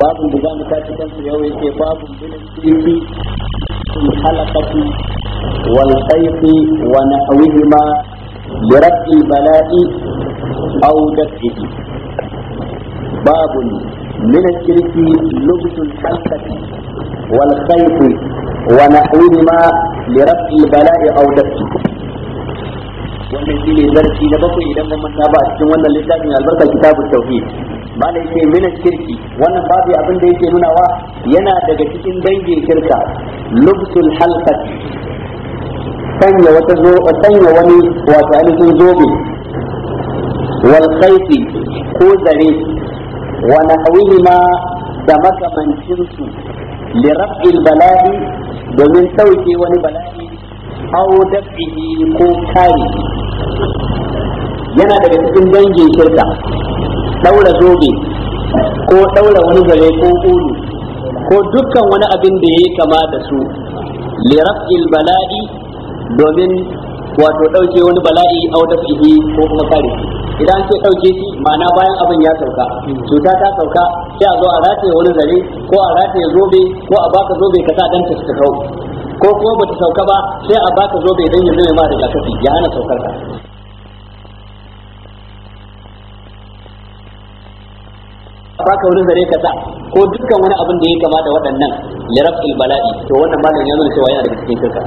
babun da za mu tashi kansu yau ya ce babun bilin kifi sun halakatu wal kaifi wa nahwihi ma bi rabbi bala'i aw dafihi babun min al-kirki lughat al-halqati wal khayf wa nahwihi ma li rabbi bala'i aw dafihi wannan shine zarfi da bako idan mun manta ba cikin wannan littafin albarka kitabu tauhid bala yake mina shirki wannan babu abin da yake nunawa yana daga cikin dangin shirka lubsul halqat sanya wata zo sanya wani wato alikin zobe wal ko zare wa ma da makamancin su li raf'il bala'i domin sauke wani bala'i aw daf'ihi ko kare yana daga cikin dangin shirka daura zobe ko daura wani zare ko ulu ko dukkan wani abin da yi kama da su li raf'il bala'i domin wato dauke wani bala'i au dafihi ko kuma kare idan ke dauke shi ma'ana bayan abin ya sauka cuta ta sauka sai a zo a rataye wani zare ko a rataye zobe ko a baka zobe ka sa dan ta ko kuma bata sauka ba sai a baka zobe dan ya zama ma kafi ya hana saukar ka ba ka wani zare ka sa ko dukkan wani abin da ya kamata waɗannan, ya lirafil bala'i to wannan malam ya nuna cewa yana daga cikin shirka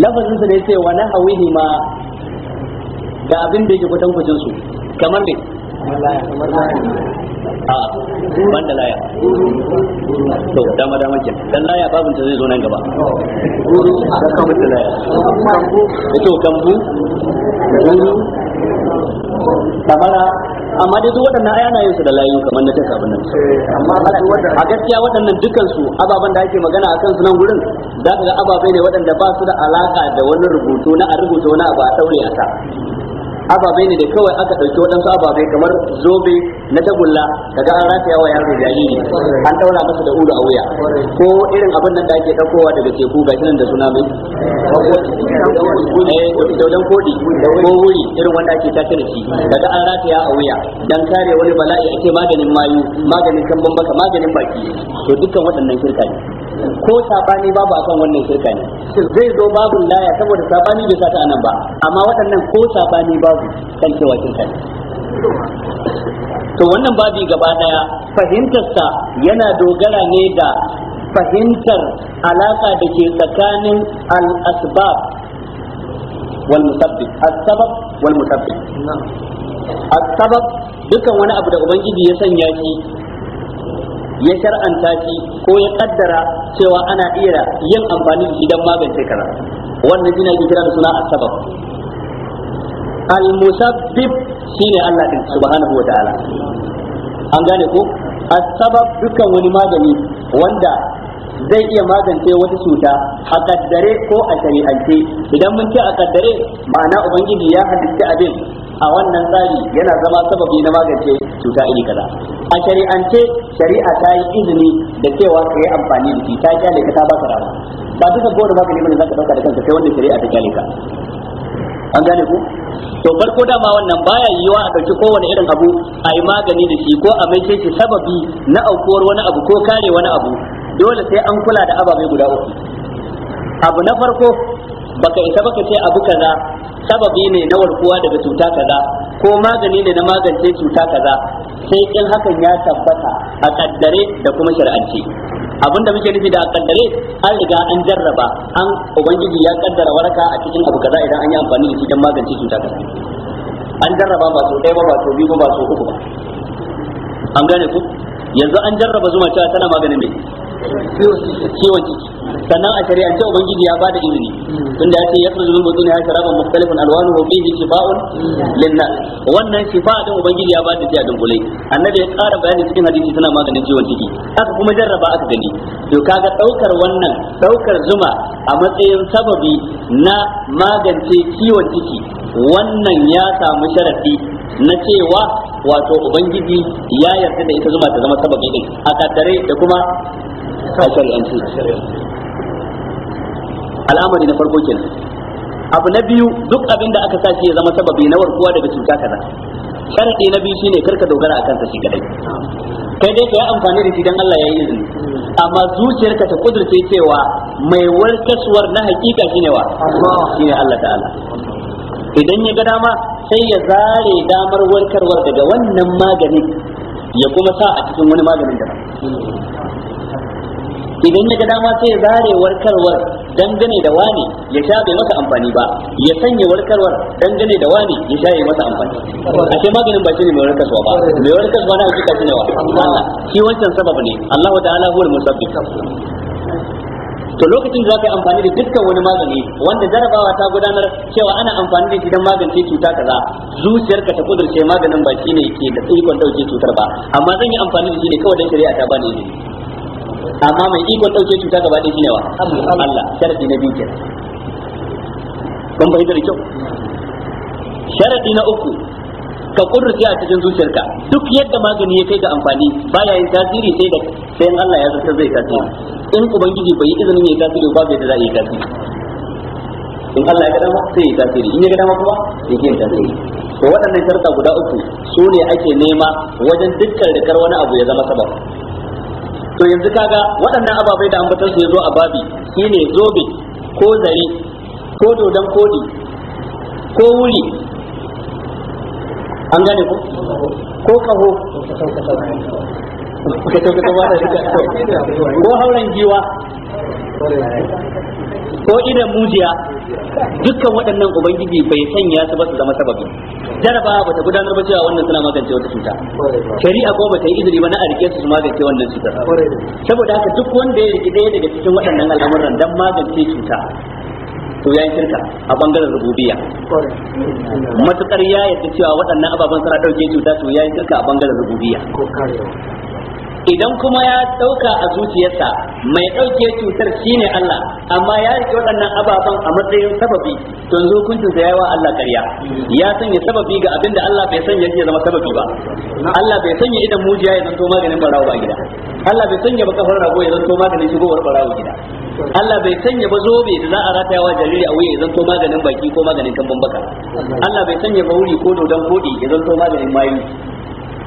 lafazin sa ne ce wa nahawihi ma ga abin da yake kwatan kwacin su kamar me a ban da laya to dama dama ke dan laya babin ta zai zo nan gaba kamar da laya to kambu kamara amma dai duk waɗannan aya na yin su da layu kamar na ta sabon nan a gaskiya waɗannan dukkan ababen da ake magana a su nan gurin za ka ga ababai ne waɗanda ba su da alaka da wani rubutu na a rubuta wani abu a ɗaure a sa Ababe ne da kawai aka ɗauki waɗansu ababe kamar zobe na tagulla daga an rataya wa yaro jariri an ɗaura masa da ulu a wuya ko irin abin nan da ake ɗaukowa daga teku ga shi nan da suna mai daudan eh, kodi ko wuri irin wanda ake tace da shi daga an rataya a wuya dan kare wani bala'i ake maganin mayu maganin kan baka maganin baki to dukkan waɗannan shirka ne ko sabani babu akan wannan shirka ne zai zo babu laya saboda sabani bai sa ta anan ba amma waɗannan ko sabani babu kan cewa shirka ne to wannan babi gaba daya sa yana dogara ne da fahimtar alaka da ke tsakanin al-asbab wal musabbib as-sabab wal musabbib as-sabab dukan wani abu da ubangiji ya sanya shi ya shar'anta shi ko ya kaddara cewa ana iya yin amfani da shi dan magance kaza wannan shi ne kira da suna asabab al-musabbib shine Allah din subhanahu wataala an gane ko asabab dukkan wani magani wanda zai iya magance wata cuta a kaddare ko a shari'ance idan mun ce a kaddare ma'ana ubangiji ya halitta abin a wannan tsari yana zama sababi na magance cuta iri kaza a shari'ance shari'a ta yi izini da cewa ka yi amfani da shi ta kyale ka ta ba ka rama ba duka kowane magani bane zaka dauka da kanka sai wanda shari'a ta kyale ka an gane ku to farko dama wannan baya yiwa a dauki kowane irin abu a yi magani da shi ko a mai shi sababi na aukuwar wani abu ko kare wani abu dole sai an kula da ababai guda uku abu na farko baka isa baka ce abu kaza sababi ne na warkuwa daga cuta kaza ko magani ne na magance cuta kaza sai in hakan ya tabbata a kaddare da kuma shar'anci abinda muke nufi da kaddare an riga an jarraba an ubangiji ya kaddara waraka a cikin abu kaza idan an yi amfani da shi don magance cuta kaza an jarraba ba so ɗaya ba ba so biyu ba ba so uku ba an gane ku yanzu an jarraba zuma cewa tana maganin ne Kiwon ciki sannan a shari'ance ubangiji ya bada izini tunda ya ce ya tsuru zuwa zuwa ya sharaban mukhtalifun alwanuhu fihi shifa'un linnas wannan shifa din ubangiji ya bada shi a dungulai annabi ya ƙara bayani cikin hadisi suna maganin ciwon ciki aka kuma jarraba aka gani to kaga ɗaukar wannan ɗaukar zuma a matsayin sababi na magance ciwon ciki wannan ya samu sharafi na cewa wato ubangiji ya yarda da ita zuma ta zama sababi din a kaddare da kuma al'amari na farko kenan abu na biyu duk abin da aka sace ya zama sababi na warkuwa daga cuta kaza sharadi na biyu shine karka dogara akan sa shi kadai kai dai ka yi amfani da shi dan Allah ya yi izini amma zuciyarka ta kudurce cewa mai warkaswar na hakika shine wa shine Allah ta'ala idan ya ga dama sai ya zare damar warkarwar daga wannan maganin ya kuma sa a cikin wani maganin daban idan ya ga dama sai ya zare warkarwar dangane da wani ya sha bai masa amfani ba ya sanya warkarwar dangane da wani ya sha masa amfani a ce maganin ba shine mai warkarwa ba mai warkarwa na hakika shine wa Allah shi wancan sababu ne Allah ta'ala huwal musabbib to lokacin da zaka yi amfani da dukkan wani magani wanda jarabawa ta gudanar cewa ana amfani da shi don magance cuta kaza zuciyarka ta kudurce maganin ba shine ke da tsikon dauke cutar ba amma zan yi amfani da shi ne kawai don shari'a ta bani ne amma mai iko dauke cuta gaba ɗaya shine wa Allah sharadi na biyu kenan kun bai da kyau sharadi na uku ka kudurce a cikin zuciyarka duk yadda magani ya kai ga amfani baya yin tasiri sai da sai in Allah ya zarta zai tasiri in ubangiji bai yi izinin ya tasiri ba bai da za yi tasiri in Allah ya ga dama sai yi tasiri in ya ga dama kuma ya yi tasiri to waɗannan sharta guda uku su ne ake nema wajen dukkan rikar wani abu ya zama sabab to yanzu kaga waɗannan ababai da ambatar su yazo a babi shine zobe ko zare ko dodon kodi ko wuri an gane ko ko ka ta ta ba da duka ko hauren giwa ko idan mujiya dukkan waɗannan ubangiji bai sanya su ba su zama sababi jaraba ba ta gudanar ba cewa wannan suna magance wata cuta shari'a ko ba ta yi izini ba na a rike su su magance wannan cuta saboda haka duk wanda ya rike ɗaya daga cikin waɗannan al'amuran dan magance cuta to ya yi shirka a bangaren rububiya matukar ya yarda cewa waɗannan ababen suna ɗauke cuta to ya yi shirka a bangaren rububiya idan kuma ya dauka a zuciyarsa mai dauke cutar shine Allah amma ya rike waɗannan ababan a matsayin sababi to yanzu hukuncin sa yawa Allah ƙarya ya sanya sababi ga abinda Allah bai sanya ya zama sababi ba Allah bai sanya idan mujiya ya zanto maganin barawo a gida Allah bai sanya ba kafar rago ya zanto maganin shigowar barawo gida Allah bai sanya ba zobe da za a rataya wa jariri a wuya ya zanto maganin baki ko maganin kambun baka Allah bai sanya ba wuri ko dodon kodi ya zanto maganin mayu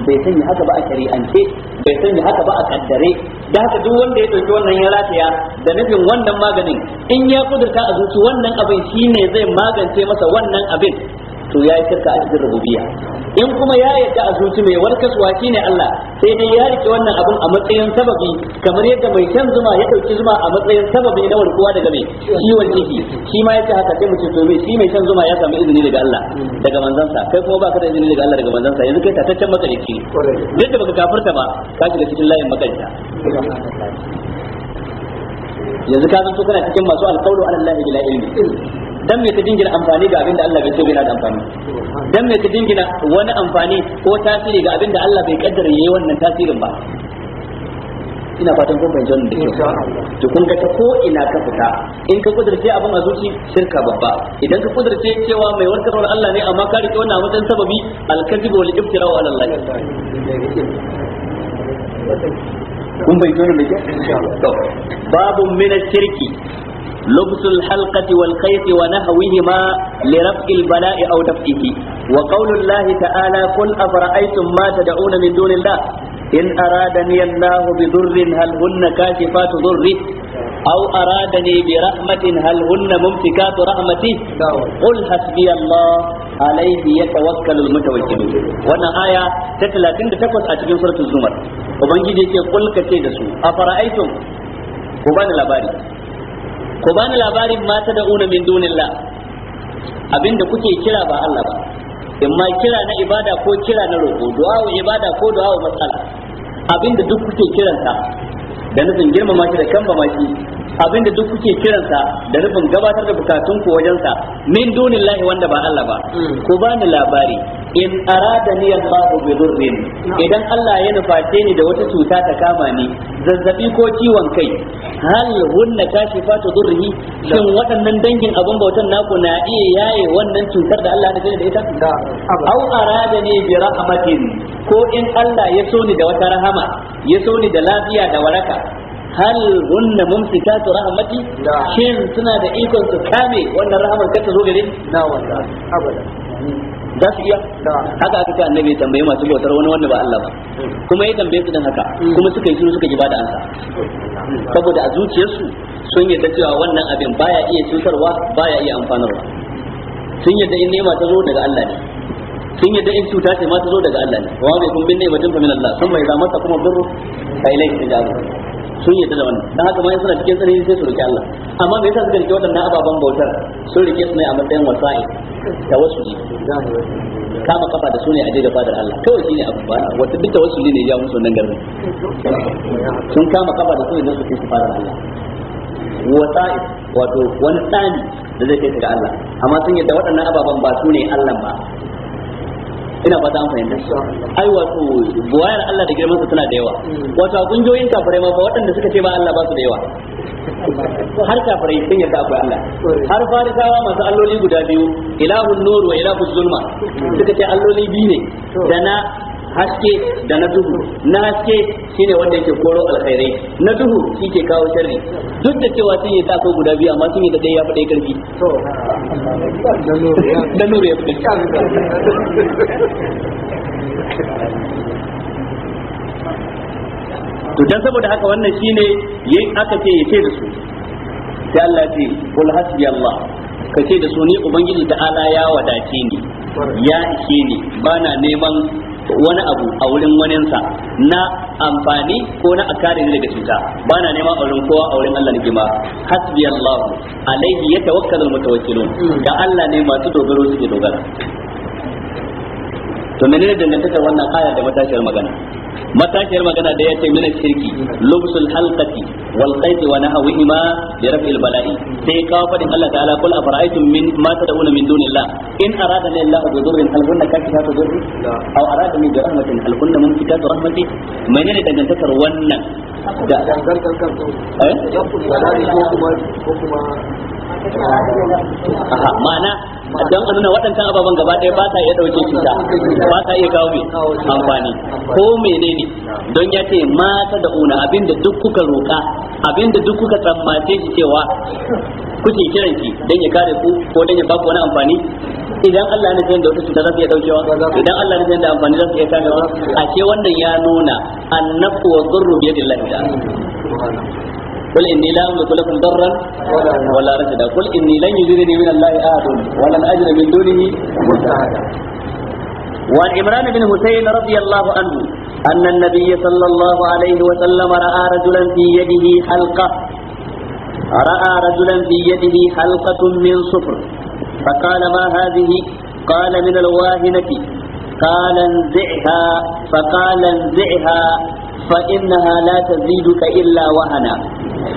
bai sanya haka ba a shari'ance bai sanya haka ba a kaddare da haka duk wanda ya ɗauki wannan ya rataya da nufin wannan maganin in ya kudurta a zuci wannan abin shine zai magance masa wannan abin to ya yi shirka a cikin rububiyya in kuma ya yadda a zuci mai warkaswa ne Allah sai dai ya rike wannan abin a matsayin sababi kamar yadda mai shan zuma ya ɗauki zuma a matsayin sababi na warkuwa daga mai ciwon ciki shi ma yace haka sai mu ce shi mai shan zuma ya samu izini daga Allah daga manzansa kai kuma ba ka da izini daga Allah daga manzansa yanzu kai tataccen makarici duk da baka kafirta ba ka shiga cikin layin makarita yanzu ka zanto kana cikin masu alƙawlu ala Allah bila ilmi dan me ka dingina amfani ga abin da Allah bai so yana da amfani dan me ka dingina wani amfani ko tasiri ga abin da Allah bai kaddara yayi wannan tasirin ba ina fatan kun fahimci wannan da kyau to kun ga ta ko ina ka fita in ka kudurce abin a zuci shirka babba idan ka kudurce cewa mai warkarwar Allah ne amma ka rike wannan wajen sababi al-kadhib wal iftira wa Allah kun bai tona da kyau babu min shirki لبس الحلقة والخيط ونحوهما لرفع البلاء أو دفعه وقول الله تعالى قل أفرأيتم ما تدعون من دون الله إن أرادني الله بضر هل هن كاشفات ضره أو أرادني برحمة هل هن ممسكات رحمته قل حسبي الله عليه يتوكل المتوكلون وانا آية تتلا تند تقوت أتجن سورة الزمر وبنجي قل كتيد سو أفرأيتم وبان لباري ku bani labarin mata da una min dunillah abinda kuke kira ba Allah ba in ma kira na ibada ko kira na roƙo du'a ibada ko du'a matsala abinda duk kuke kiranta da nufin girmama shi da kamba shi Abin da duk kuke kiransa da rufin gabatar da bukatun ku wajensa min dunillahi wanda ba Allah ba mm. ku bani labari in arada ni Allah bi durrin mm. idan Allah ya nuface ni da wata cuta ta kama ni zazzabi ko ciwon kai hal hunna kashifatu durrihi shin waɗannan dangin abin bautan naku na iya yaye wannan cutar da Allah ya nufe da ita au arada ni bi rahmatin ko in Allah ya so ni da wata rahama ya so ni da lafiya da waraka hal hunna mumsikatu rahmati shin suna da ikon su kame wannan rahmar ka ta gare na wanda abada za su iya haka aka ce annabi tambaye masu bautar wani wanda ba Allah ba kuma ya tambaye su dan haka kuma suka yi shiru suka ji ba da ansa saboda a zuciyarsu sun yadda cewa wannan abin baya iya cutarwa baya iya amfanarwa sun yadda in nema ta zo daga Allah ne sun yadda in cuta ce ma ta zo daga Allah ne wa bai kun bin ba tun fa min Allah sun mai za masa kuma burru fa ilaihi tajabu sun yadda da wannan dan haka mai suna cikin tsanani sai su roki Allah amma me yasa suka rike waɗannan ababen bautar sun rike su ne a matsayin wasa'i ne kama kafa da sunai a je fadar Allah kawai shine abu ba wata duk wasu ne ya musu nan garin sun kama kafa da sunai ne su kai su Allah wasa'i wato wani tsani da zai kai ga Allah amma sun yadda waɗannan ababen ba su ne Allah ba ina fata an fahimta ai wato buwayar Allah da girman sa tana da yawa wato a kungiyoyin kafirai ma fa waɗanda suka ce ba Allah ba su da yawa har kafirai sun yarda akwai Allah har farisawa masu alloli guda biyu ilahun nur wa ilahun zulma suka ce alloli biyu ne da na haske da na duhu na haske shine wanda yake koro alkhairai na duhu shi ke kawo sharri duk da cewa sun yi ta akwai guda biyu amma sun yi da ɗaya ya faɗa karfi da nuru ya fi to dan saboda haka wannan shine yayi aka ce yace da su sai Allah ya ce kul hasbi Allah ka ce da su ni ubangiji da ala ya wadace ni ya ishe ni bana neman wani abu a wurin waninsa na amfani ko na akare ne daga cuta ba na neman wurin kowa a wurin Allah nake ma hasbi Allah alaihi yatawakkalu mutawakkilun da Allah ne masu dogaro suke dogara to menene dangantaka wannan aya da matashiyar magana matashiyar magana da ya ce mina shirki lubsul halqati wal qaid wa nahwihima bi raf'il bala'i sai kawo fadin Allah ta'ala kul afara'aytum min ma tad'una min dunillah in arada ni Allah bi dhurrin hal kunna kashifatu dhurri aw arada ni bi rahmatin hal kunna mumsikatu rahmati menene dangantakar wannan da dangantakar eh ko kuma ko kuma ma'ana don a nuna waɗancan ababen gaba ɗaya ba ta iya ɗauke cuta ba ta iya kawo amfani ko menene don ya ce mata da una abinda duk kuka roƙa abinda duk kuka tsammace shi cewa kuke kiran shi don ya kare ku ko don ya ba ku wani amfani idan Allah ne da wata cuta za su iya daukewa idan Allah ne da amfani za su iya karewa a ce wannan ya nuna annabu wa zurru biyadillahi ta'ala قل إني لا أملك لكم ضرا ولا رشدا قل إني لن يجرني من الله أحد ولن أجد من دونه ملتحدا وعن عمران بن حسين رضي الله عنه أن النبي صلى الله عليه وسلم رأى رجلا في يده حلقة رأى رجلا في يده حلقة من صفر فقال ما هذه قال من الواهنة قال انزعها فقال انزعها فإنها لا تزيدك إلا وهنا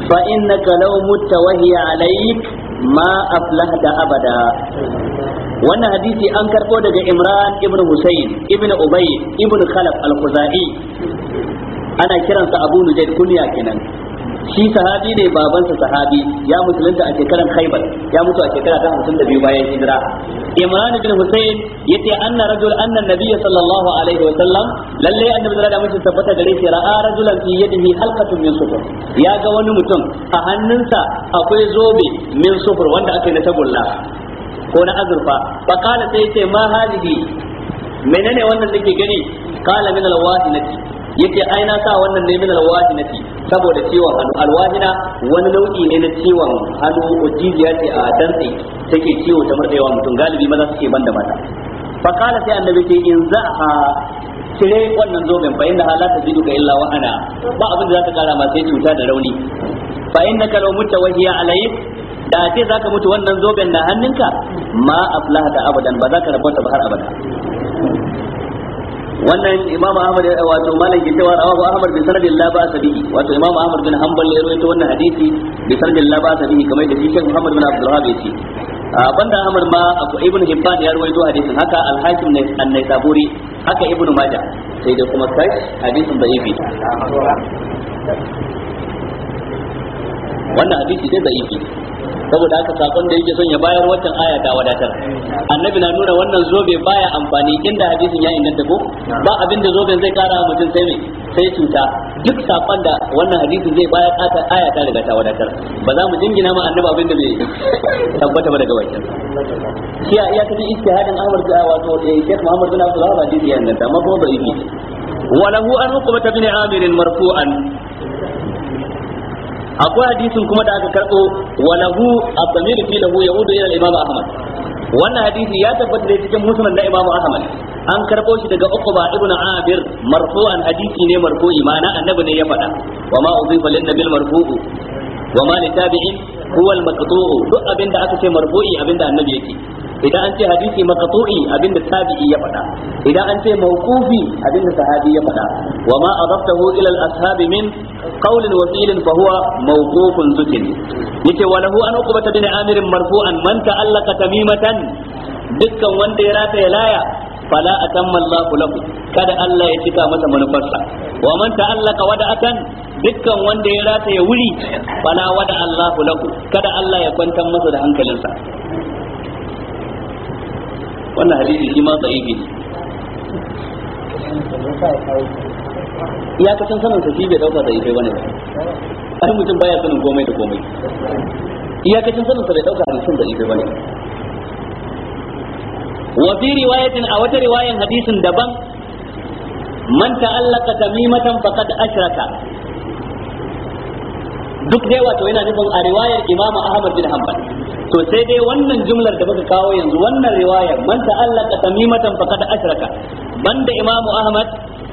fa innaka law mutta wa hiya alayk ma abada wannan hadisi an karɓo daga Imran ibn Husayn ibn Ubay ibn Khalaf al-Khuzai ana kiransa Abu Nujayd kunya kenan shi sahabi ne babansa sahabi ya musulunta a shekaran khaibar ya mutu a shekara ta hamsin da biyu bayan hijira imran bin husayn yace anna rajul anna nabiyya sallallahu alaihi wa sallam lalle annabi da mun tabbata gare shi ra'a rajulan fi yadihi halqatun min sufur ya ga wani mutum a hannunsa akwai zobe min sufur wanda ake na tagulla ko na azurfa fa qala sai ce ma hadhihi menene wannan nake gani qala min alwahinati yace ai na sa wannan ne min alwajinati saboda ciwon hannu alwahina wani nau'i ne na ciwon hannu ujiziya ce a dantse take ciwo ta murdewa mutum galibi maza suke banda mata fa kana sai annabi ce in a cire wannan zoben fa inna la tajidu ka illa wa ba abin da zaka kara ma sai cuta da rauni fa innaka law mutta wa alayk da ce zaka mutu wannan zoben na hannunka ma aflaha da abadan ba zaka rabota ba har abada wannan imam ahmad wato malam ke cewa rawahu ahmad bin sanadin la ba sabihi wato imam ahmad bin hanbal ya rawaito wannan hadisi bi sanadin la ba sabihi kamar da shi muhammad bin abdul wahab yace banda ahmad ma abu ibnu hibban ya rawaito hadisin haka al hakim ne annai saburi haka ibnu majah sai da kuma kai hadisin yake wannan hadisi da yake saboda haka sakon da yake son ya bayar wancan aya ta wadatar annabi na nuna wannan zobe baya amfani inda hadisin ya inganta ko ba abin da zoben zai kara mutum sai mai sai cuta duk sakon da wannan hadisin zai bayar ata aya ta riga ta wadatar ba za mu jingina ma annabi abin da bai tabbata ba daga wajen shi a iyakacin ijtihadin Ahmad da wato eh, Sheikh Muhammad bin Abdul Wahhab hadisi ya inganta amma kuma bai yi hu an عقبة bin amirin marfu'an. akwai hadisin kuma da aka karɓo wa lahu abdamir fi lahu yaudu ila imam ahmad wannan hadisi ya tabbata da cikin musnad na imam ahmad an karɓo shi daga uqba ibnu abir marfu'an hadisi ne marfu'i ma'ana annabi ne ya faɗa wa ma udhifa lin nabil marfu'u wa ma li tabi'in huwa al maqtu'u duk abinda aka ce marfu'i abinda annabi yake idan an ce hadisi maqtu'i abinda tabi'i ya faɗa idan an ce mawqufi abinda sahabi ya faɗa wa ma adaftahu ila al-ashabi min qawlin wa fi'lin fa huwa mawqufun zukin yace wa lahu an uqbata bin amir marfu'an man ta'allaqa tamimatan dukkan wanda ya rata ya laya fala atamma Allahu lahu kada Allah ya cika masa manufarsa wa man ta'allaka wada'atan dukkan wanda ya rata ya wuri fala wada Allahu lahu kada Allah ya kwantar masa da hankalinsa wannan hadisi shi ma da'ifi ne ya kasan sanin sa shi bai dauka da ife bane ai mutum baya sanin komai da komai Ya kasan sanin sa bai dauka hadisin da ife bane wa fi riwayatin a wata riwayan hadisin daban man ta'allaka tamimatan faqad ashraka duk dai wato yana nufin a riwayar Imam Ahmad bin Hanbal to sai dai wannan jumlar da muka kawo yanzu wannan riwayar man ta'allaka tamimatan faqad ashraka banda Imam Ahmad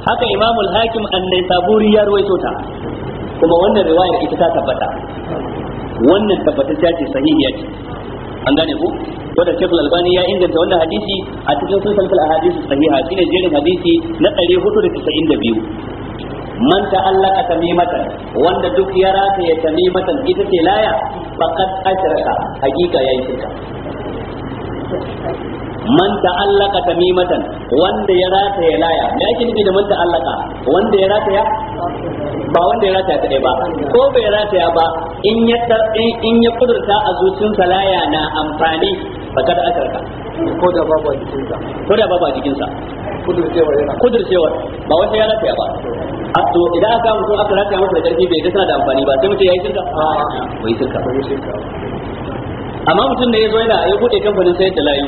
haka imamu al-Hakim annai saburi ya ruwaito ta kuma wannan riwayar ita ta tabbata wannan tabbatacciya ce sahihiya ce an gane ku ko da Sheikh Al-Albani ya inganta wannan hadisi a cikin sunan al hadisi sahiha shine jerin hadisi na 492 man ta tamimatan wanda duk ya rata ya ta tamimatan ita ce laya faqad ashraka hakika yayi shirka man ta tamimatan wanda ya rata ya laya me ake nufi da man ta'allaka wanda ya rata ya ba wanda ya rata ya kadai ba ko bai rata ya ba in ya in ya kudurta a zuciyarsa laya na amfani fakad akarka ko da babu a jikinsa ko da babu a jikinsa kudurcewar yana kudurcewar ba wai sai ya lafiya ba a to idan aka mutu aka lafiya masa da karfi bai ga tana da amfani ba sai ya yi shirka bai shirka amma mutum da ya zo yana ya bude kamfanin sayar da layi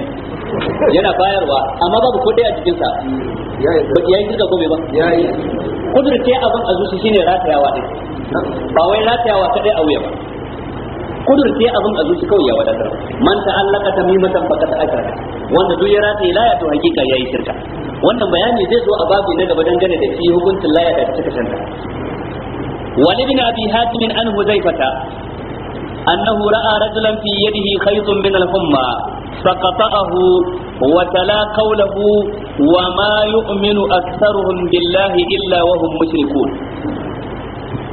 yana bayarwa amma babu kuɗi a jikinsa ya yi shirka ko bai ba kudurce abin a zuci shine ratayawa ne ba wai ratayawa kaɗai a wuya ba Kudur sai abin a zuci kawai ya wadatar man ta'allaka tamimatan faqad ashraka wanda duk ya rataye laya to hakika yayi shirka wannan bayani zai zo a babu na gaba dangane da shi hukuncin laya da cika shanta wal ibn abi hatim an huzaifata annahu ra'a rajulan fi yadihi khaytun min al-humma فقطعه وتلا قوله وما يؤمن أكثرهم illa wa وهم مشركون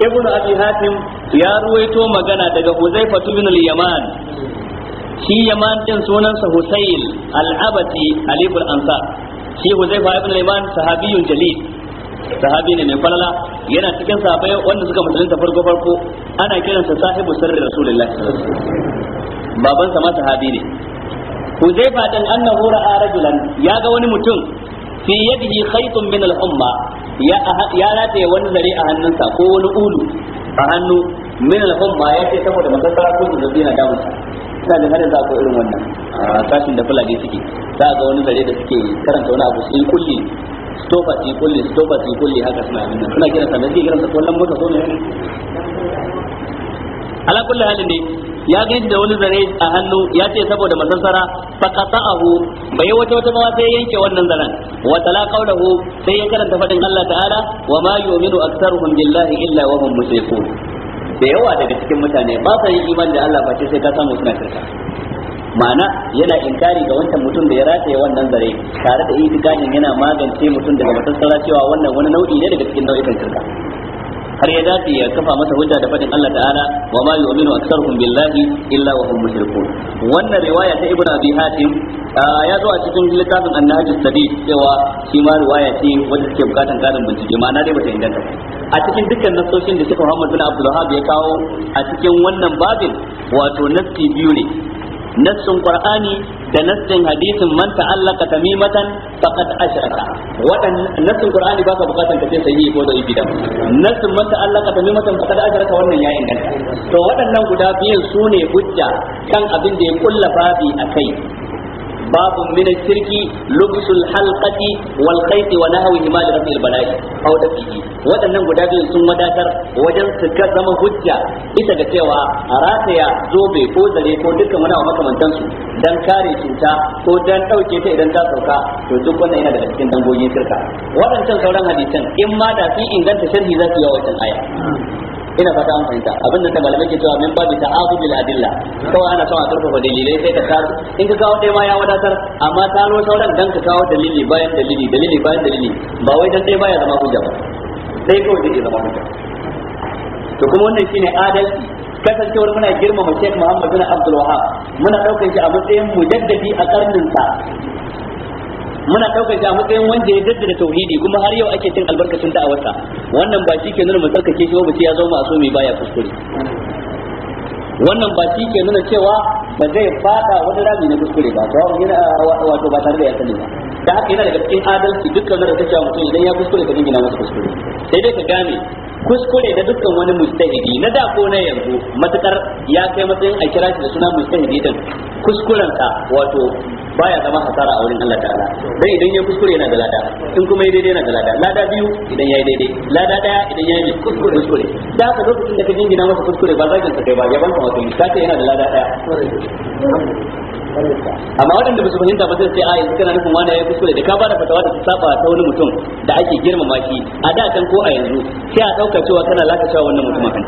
ibnu abi hatim ya ruwaito magana daga huzaifa Bin al-yaman shi yaman din sunansa husayl al-abati aliful ansar shi huzaifa ibn al-yaman sahabiyun jalil sahabi ne mai falala yana cikin sahabbai wanda suka musulunta farko farko ana kiransa sahibu sirri rasulullah baban sa ma sahabi ne huzaifa dan annahu ra'a rajulan ya ga wani mutum fi yadihi khaytun min al-umma ya rataye wani zare a hannunsa ko wani ulu a hannu min al ma ya ce saboda masassara ko zazzabi na damun ta. ina da harin za ko irin wannan a kashin da fulani suke za ga wani zare da suke karanta wani abu sun kulli stofa sun kulli stofa sun kulli haka suna abin nan suna sanar da suke kiransa kullum mota so ne ala kulli halin ne ya ga yadda wani zare a hannu ya ce saboda masassara fa qata'ahu bai wata wata ba sai yanke wannan zaren wa da qawluhu sai ya karanta faɗin Allah ta'ala wa ma yu'minu aktsaruhum billahi illa wa hum mushrikun da yawa daga cikin mutane ba sa yin imani da Allah ba ce sai ka samu suna kirka ma'ana yana inkari ga wancan mutum da ya rataye wannan zare tare da itikadin yana magance mutum daga masassara cewa wannan wani nau'i ne daga cikin nau'ikan kirka har ya dace ya kafa masa hujja da fadin Allah ta'ala wa ma yu'minu aktsaruhum billahi illa wa hum mushrikun wannan riwaya ta ibnu abi hatim ya zo a cikin littafin annabi sadiq cewa shi ma riwaya ce wanda take bukatan karin bincike ma na dai bata inganta a cikin dukkan nasoshin da suka Muhammad bin Abdul Wahhab ya kawo a cikin wannan babin wato nasti biyu ne nassin qur'ani da nassin hadisin man ta'allaka tamimatan faqad ashraka wadan nassin qur'ani ba ka bukatan ka ce sahihi ko da'ifi da nassin man ta'allaka tamimatan faqad ashraka wannan ya inganta to waɗannan guda biyan sune ne hujja kan abin da ya kulla babi akai باب من الشرك لبس الحلقة والخيط ونحوهما لرفع البلاء أو دفعه waɗannan guda biyu sun wadatar wajen su ka zama hujja bisa ga cewa rataya zobe ko zare ko dukkan wani makamantan su dan kare cuta ko don ɗauke ta idan ta sauka to duk wannan yana daga cikin dangogin shirka waɗancan sauran hadisan in ma da fi inganta sharhi za su yi wa aya ina fata an fahimta abin da malama ke cewa min babu ta'abu bil adilla kawai ana son a karfafa dalilai sai ka tar in ka kawo ɗaya ma ya wadatar amma taro sauran dan ka kawo dalili bayan dalili dalili bayan dalili ba wai dan ɗaya baya zama hujja ba sai kawai zai zama hujja to kuma wannan shine adalci kasancewar muna girmama Sheikh Muhammad bin Abdul Wahab muna daukar shi a matsayin mujaddadi a karnin sa muna daukar shi a matsayin wanda ya jaddada tauhidi kuma har yau ake cin albarkacin da'awarsa wannan ba shi ke nuna mu tsarkake shi ba ya zama masu mai baya kuskure wannan ba shi ke nuna cewa ba zai fada wani rami na kuskure ba to yana wato ba tare da ya sani ba da haka yana daga cikin adalci dukkan da kace mutum idan ya kuskure ka gina masa kuskure sai dai ka gane kuskure da dukkan wani mujtahidi na da ko na yanzu matakar ya kai matsayin a kira shi da suna mujtahidi din kuskuren wato baya zama hasara a wurin Allah ta'ala dan idan ya kuskure yana da lada in kuma ya daidai yana da lada lada biyu idan ya yi daidai lada daya idan ya yi kuskure kuskure da ka lokacin da ka jingina masa kuskure ba za ka kai ba yaban ka wato ka yana da lada daya amma waɗanda ba su fahimta ba sai a yanzu kana nufin wani ya kuskure da ka ba da fatawa da ta saba ta wani mutum da ake girmama shi a da kan ko a yanzu sai a ɗauka cewa kana lakacewa wannan mutumin kan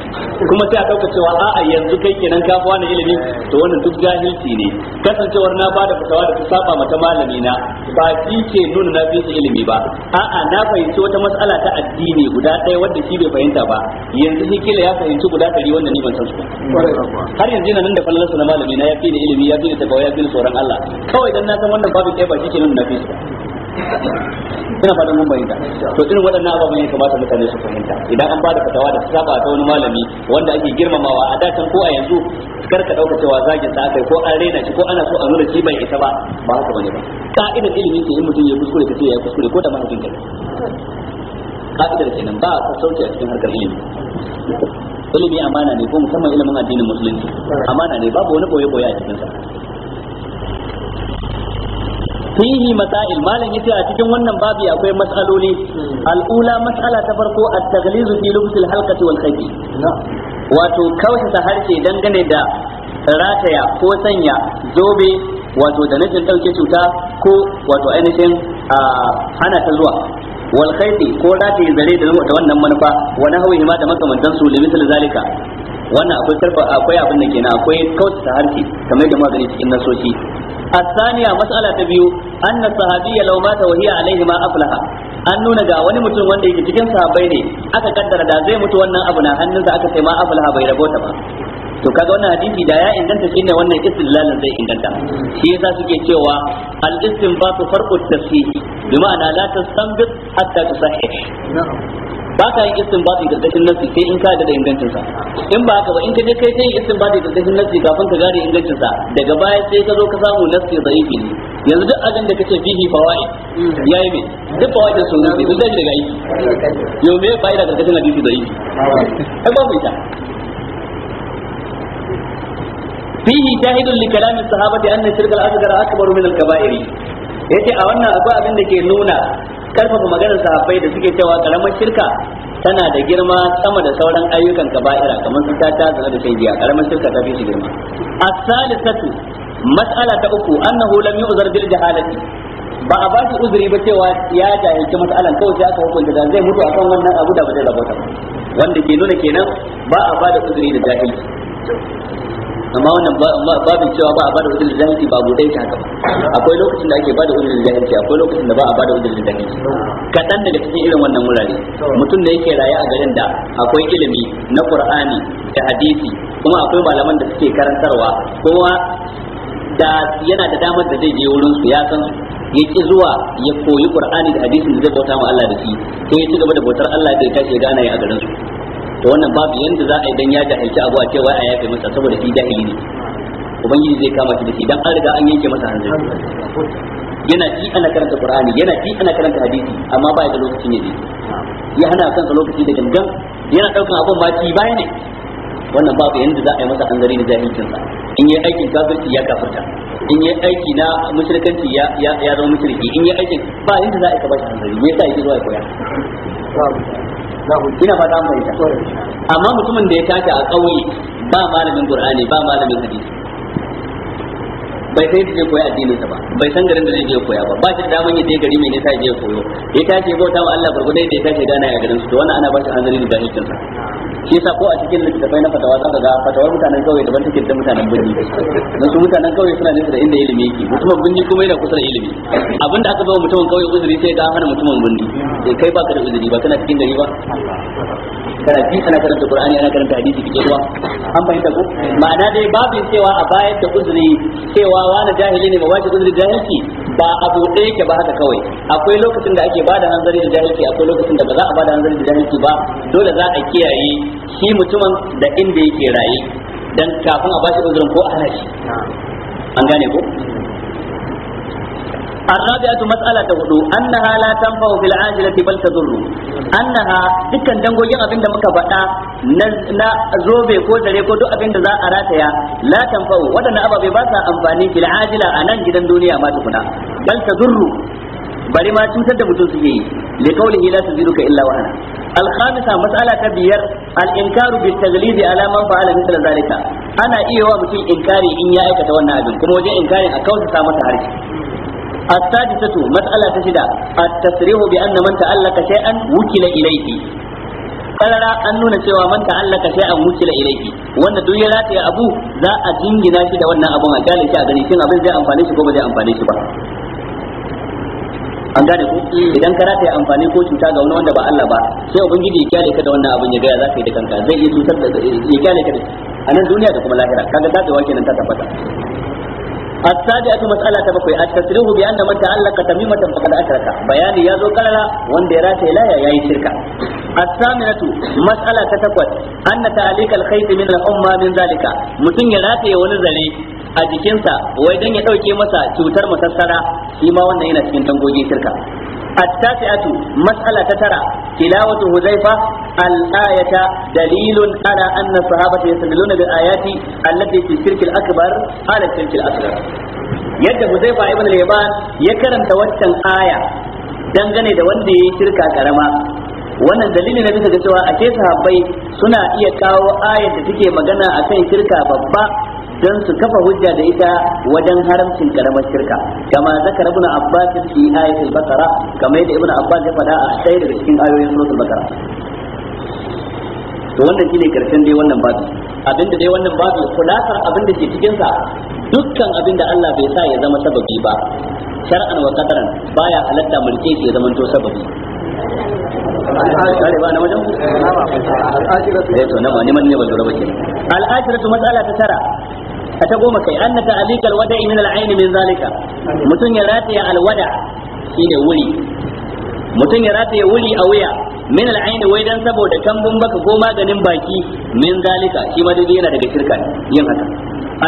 kuma sai a ɗauka cewa a'a yanzu kai kenan ka fi wani ilimi to wannan duk jahilci ne kasancewar na ba da fatawa da saba mata malami na ba shi ke nuna na fi ilimi ba a'a na fahimci wata mas'ala ta addini guda ɗaya wanda shi bai fahimta ba yanzu shi kila ya fahimci guda ɗari wanda ni ban san su har yanzu nan da falalarsa na malami na ya fi ni ilimi ya fi ni tabawa ya fi ni tsoron Allah kawai dan na san wannan babu ɗaya ba shi ke nuna na fi ina fatan mun bayyana to irin waɗannan ababen ya kamata mutane su fahimta idan an bada fatawa da saba ta wani malami wanda ake girmamawa a dakan ko a yanzu kar ka dauka cewa zagin sa akai ko an raina shi ko ana so a nuna shi bai isa ba ba haka bane ba ka'idar ilimin ke in mutum ya kuskure ka ce ya kuskure ko da mahaifin ka ka'idar kenan ba a sauke a cikin harkar ilimi ilimi amana ne ko musamman ilimin addinin musulunci amana ne babu wani boye boye a cikin sa fihi masail malam yace a cikin wannan babi akwai mas'aloli al'ula mas'ala ta farko at-taghlizu fi lubsil halqati wal khayfi wato kawai ta harshe dangane da rataya ko sanya zobe wato da nufin ɗauke cuta ko wato ainihin hana ta zuwa wal khayfi ko rataye zare da wannan manufa wa nahwihi ma da makamantan su limisal zalika wannan akwai karfa akwai abin da na akwai kautata harshe kamar da magani cikin nasoci الثانية مسألة تبيو أن الصحابية لو مات وهي alaihi ma aflaha an nuna ga wani mutum wanda yake cikin sahabbai ne aka kaddara da zai mutu wannan abu na hannunsa aka sai ma aflaha bai rabota ba to kaga wannan hadisi da ya inganta shi ne wannan istidlalin zai inganta shi yasa suke cewa al istinbatu farqu tafsir bi ma'ana la tastanbit hatta tusahih ba ka yin da gargashin nasi sai in ka da ingancin sa in ba haka ba in ka je kai sai da gargashin nasi kafin ka gane ingancin sa daga baya sai ka zo ka samu nasi dhaifi ne yanzu duk abin da kace fihi fawaid yayi min duk fawaidin sun ne duk da daga yi yo me fa'ida gargashin hadisi dhaifi ai babu ita fihi shahidun li kalamin sahabati anna shirka al-asghar akbaru min al-kaba'ir yace a wannan akwai abin da ke nuna karfafa maganar sahabbai da suke cewa karamar shirka tana da girma sama da sauran ayyukan kaba'ira kamar su tata zana da shaidiya karamar shirka ta fi su girma as-salisatu mas'ala ta uku annahu lam yu'zar bil jahalati ba a ba shi uzuri ba cewa ya jahilci mas'alan kawai sai aka hukunta da zai mutu akan wannan abu da ba zai rabota wanda ke nuna kenan ba a ba da uzuri da jahilci amma wannan babin cewa ba a bada udul jahilci ba bude ta haka akwai lokacin da ake bada udul jahilci akwai lokacin da ba a bada udul jahilci kadan daga cikin irin wannan murare mutum da yake raye a garin da akwai ilimi na qur'ani da hadisi kuma akwai malaman da suke karantarwa kowa da yana da damar da zai je wurin su ya san ya ki zuwa ya koyi qur'ani da hadisin da zai bauta ma Allah da shi to ya ci gaba da bautar Allah da ya tashi ya gane a garin su to wannan babu yanda za a yi dan ya jahilci abu a ce wai a yafe masa saboda shi jahili ne ubangiji zai kama shi da shi dan an riga an yanke masa hanzari yana ji ana karanta qur'ani yana ji ana karanta hadisi amma ba ya da lokacin ya je. ya hana kansa lokaci da gangan yana daukan abun ba ci baya ne wannan babu yanda za a yi masa hanzari da jahilcin sa in yi aikin kafirci ya kafirta in yi aiki na mushrikanci ya ya zama mushriki in yi aikin ba yanda za a yi ka ba shi hanzari me yasa yake zuwa ya koya ina amma mutumin da ya tashi a ƙauye ba malamin qur'ani ba malamin hadisi bai sai da zai koya addinin sa ba bai san garin da zai je koya ba ba shi da daman ya je gari mai nisa ya je koyo ya tashi bauta wa Allah gurgudai da ya tashi gana ya garin su to wannan ana ba shi hanzari da jahilcin sa shi yasa ko a cikin littattafai na fatawa zaka ga fatawar mutanen kauye daban take da mutanen birni dan su mutanen kauye suna nesa da inda ilimi yake mutumin birni kuma yana kusa da ilimi abinda aka bawa mutumin kauye uzuri sai ga hana mutumin birni sai kai ka da uzuri ba kana cikin gari ba kana ji ana karanta qur'ani ana karanta hadisi kike ruwa an fahimta ko ma'ana dai babin cewa a bayar da uzuri cewa wani jahili ne ba wace uzuri jahilci ba abu ɗaya yake ba haka kawai akwai lokacin da ake bada hanzari da jahilci akwai lokacin da ba za a bada hanzari da jahilci ba dole za a kiyaye shi mutumin da inda yake raye dan kafin a bashi uzurin ko a hana shi an gane ko الرابعة مسألة هدو أنها لا تنفع في العاجلة بل تضر أنها دكان دنگو ين أبين دمك بطا نا زوبي كو زري كو دو أبين دزا أراتيا لا تنفع ودن أبا بباسا أنفاني في العاجلة أنان جدن دنيا ما تكنا بل تضر bari ma cutar da mutum suke yi li qawlihi la tuziruka illa wa ana al khamisa mas'ala ta biyar al inkaru bi taglidi ala man fa'ala mithl ana iya wa mutum inkari in ya aikata wannan abin kuma wajen inkarin a kausa masa harshe السادسة مسألة تشدة التصريح بأن من تعلق شيئا وكل إليه قال لا nuna cewa من تعلق شيئا وكل إليه وأن الدنيا لا ya rataya abu أجين a jingina shi da wannan abun a kyale shi a gani shin abin zai amfane shi an gane ku idan ka rataya amfani ko cuta ga wani wanda ba Allah ba sai ubangiji ya kyale ka da wannan abin ya ga za ka yi da kanka zai yi cutar da ya kyale ka da a nan duniya da kuma lahira kaga dadewa nan ta tabbata A sani'a mas'ala ta bakwai, ati "Kasarihu bai yi da mata Allah ka mi mata muƙada ashirka." Bayani ya zo ƙalala wanda ya rataye layaya yayi yi shirka. A mas'ala ta takwas, hannan ta alayyikal haifemina amma min zalika, mutum ya rataye wani zare a jikinsa wai don ya ɗauke masa cutar masassara, shi ma wanda yana cikin dangogin shirka. التاسعة مسألة ترى تلاوة هزيفة الآية دليل على أن الصحابة يستدلون بالآيات التي في الشرك الأكبر على الشرك الأصغر yadda Huzaifa ibn ya karanta waccan aya dangane da wanda ya yi shirka karama wannan dalili na bisa ga cewa ake sahabbai suna iya kawo ayar da take magana kan shirka babba don su kafa hujja da ita wajen haramcin karamar shirka kama zakar ibn abbas fi ayatul bakara kama yadda ibn abbas ya fada a ɗaya daga cikin ayoyin suratul bakara to wannan shine karshen dai wannan babu abinda dai wannan babu kulatar abinda ke cikin sa dukkan abinda Allah bai sa ya zama sababi ba shar'an wa qadaran baya halatta mulke ke zaman to sababi al'ashiratu matsala ta tara ka ta goma kai anna ta'liq alwada'i min al'ayn min zalika Mutum ya rataya alwada shine wuri Mutum ya rataya wuri a wuya min al'ayn wai dan saboda kambun baka ko maganin baki min zalika shi ma dai yana daga shirka yin haka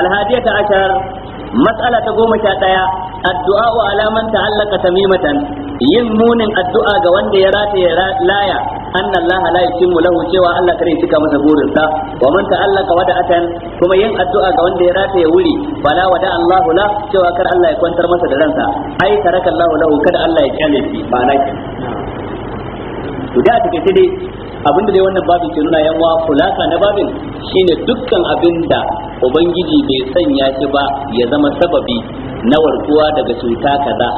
alhadiyata ashar matsala ta goma sha ɗaya addu'a wa alaman ta'allaka tamimatan yin munin addu'a ga wanda ya rataye laya anna Allah la yutimmu lahu cewa Allah kare cika masa burinsa wa man ta'allaka wada'atan kuma yin addu'a ga wanda ya rataye wuri fala wada Allahu la cewa kar Allah ya kwantar masa da ransa ai taraka Allah lahu kada Allah ya kyale shi ba na ki to da take dai abin da dai wannan babin ke nuna yawa wa kulasa na babin shine dukkan abin da ubangiji bai sanya shi ba ya zama sababi na warkuwa daga cuta kaza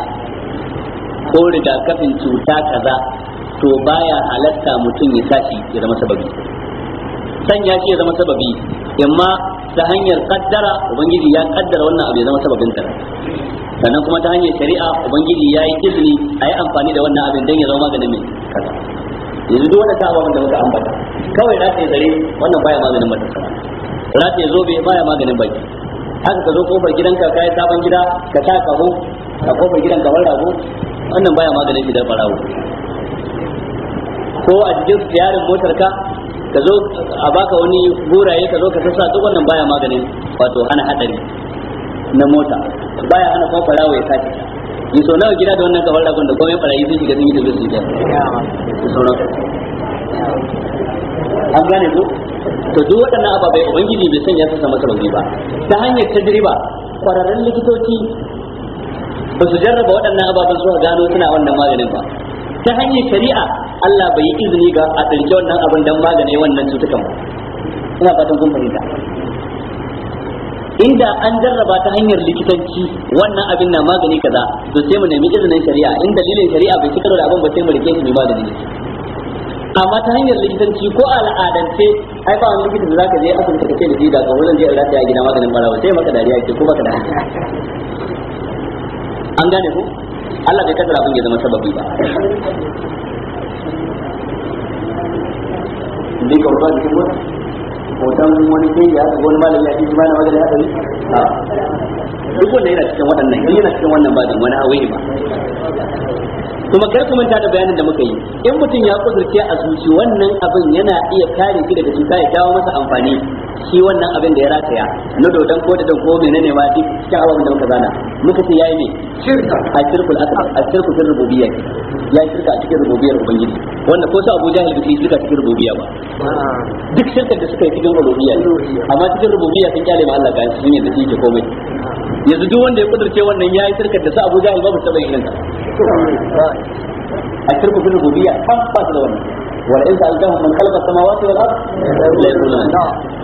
ko rigakafin cuta kaza to baya halatta mutum ya tashi ya zama sababi sanya shi ya zama sababi amma ta hanyar kaddara ubangiji ya kaddara wannan abu ya zama sababin ta sannan kuma ta hanyar shari'a ubangiji ya yi izini a yi amfani da wannan abin don ya zama maganin mai kaza yanzu duk ta ababen da muka ambata kawai za yi zare wannan baya maganin matasa yi zobe baya maganin baki haka ka zo kofar gidanka ka yi sabon gida ka sa kaho a kofar gidan ka wani rago wannan baya maganin gidan barawo ko a cikin yarin motar ka ka zo a baka wani guraye ka zo ka sassa duk wannan baya maganin wato hana hadari na mota baya hana kofar rawo ya sace in so nawa gida da wannan kafar ragon da komai barayi sun shiga sun yi tafiya su ta sauran an gane ko to duk waɗannan ababai ubangiji bai sanya su sama sarauki ba ta hanyar tajriba kwararren likitoci ba su jarraba waɗannan ababen su a gano suna wannan maganin ba ta hanyar shari'a Allah bai yi izini ga a tsirke wannan abin dan maganin wannan cutukan ba ina fatan kun fahimta inda an jarraba ta hanyar likitanci wannan abin na magani kaza to sai mu nemi izinin shari'a in dalilin shari'a bai cika da abin ba sai mu rike shi mai magani amma ta hanyar likitanci ko al'adance ai ba wani likita da zaka je asibiti ka ce da jida ga wurin je Allah ya gina maganin marawa sai maka dariya ke ko baka da an gane ko Allah bai kaddara abin ya zama sababi ba Dika wata jikin hoton wani sai ya wani malami ya ce mana wajen ya ɗari duk wanda yana cikin waɗannan in yana cikin wannan ba da wani hawaye ba kuma kar ku manta da bayanin da muka yi in mutum ya kudurce a zuci wannan abin yana iya kare shi daga cuta ya dawo masa amfani shi wannan abin da ya rataya na dodon ko da ko ne ma duk cikin abubuwan da muka zana muka ce yayi ne shirka a shirkul asar a shirku fil rububiyya ya shirka a cikin rububiyyar ubangiji wannan ko sai Abu Jahil bai shirka cikin rububiyya ba ah. duk shirka da suka yi cikin rububiyya amma cikin rububiyya sun kyale ma Allah ga shi ne da shi ke komai ah. yanzu duk wanda ya kudurce wannan yayi shirka da sai Abu Jahil ba ba taba yin a shirku fil rububiyya tabbas da wannan ولئن سألتهم samawati wal السماوات la ليقولن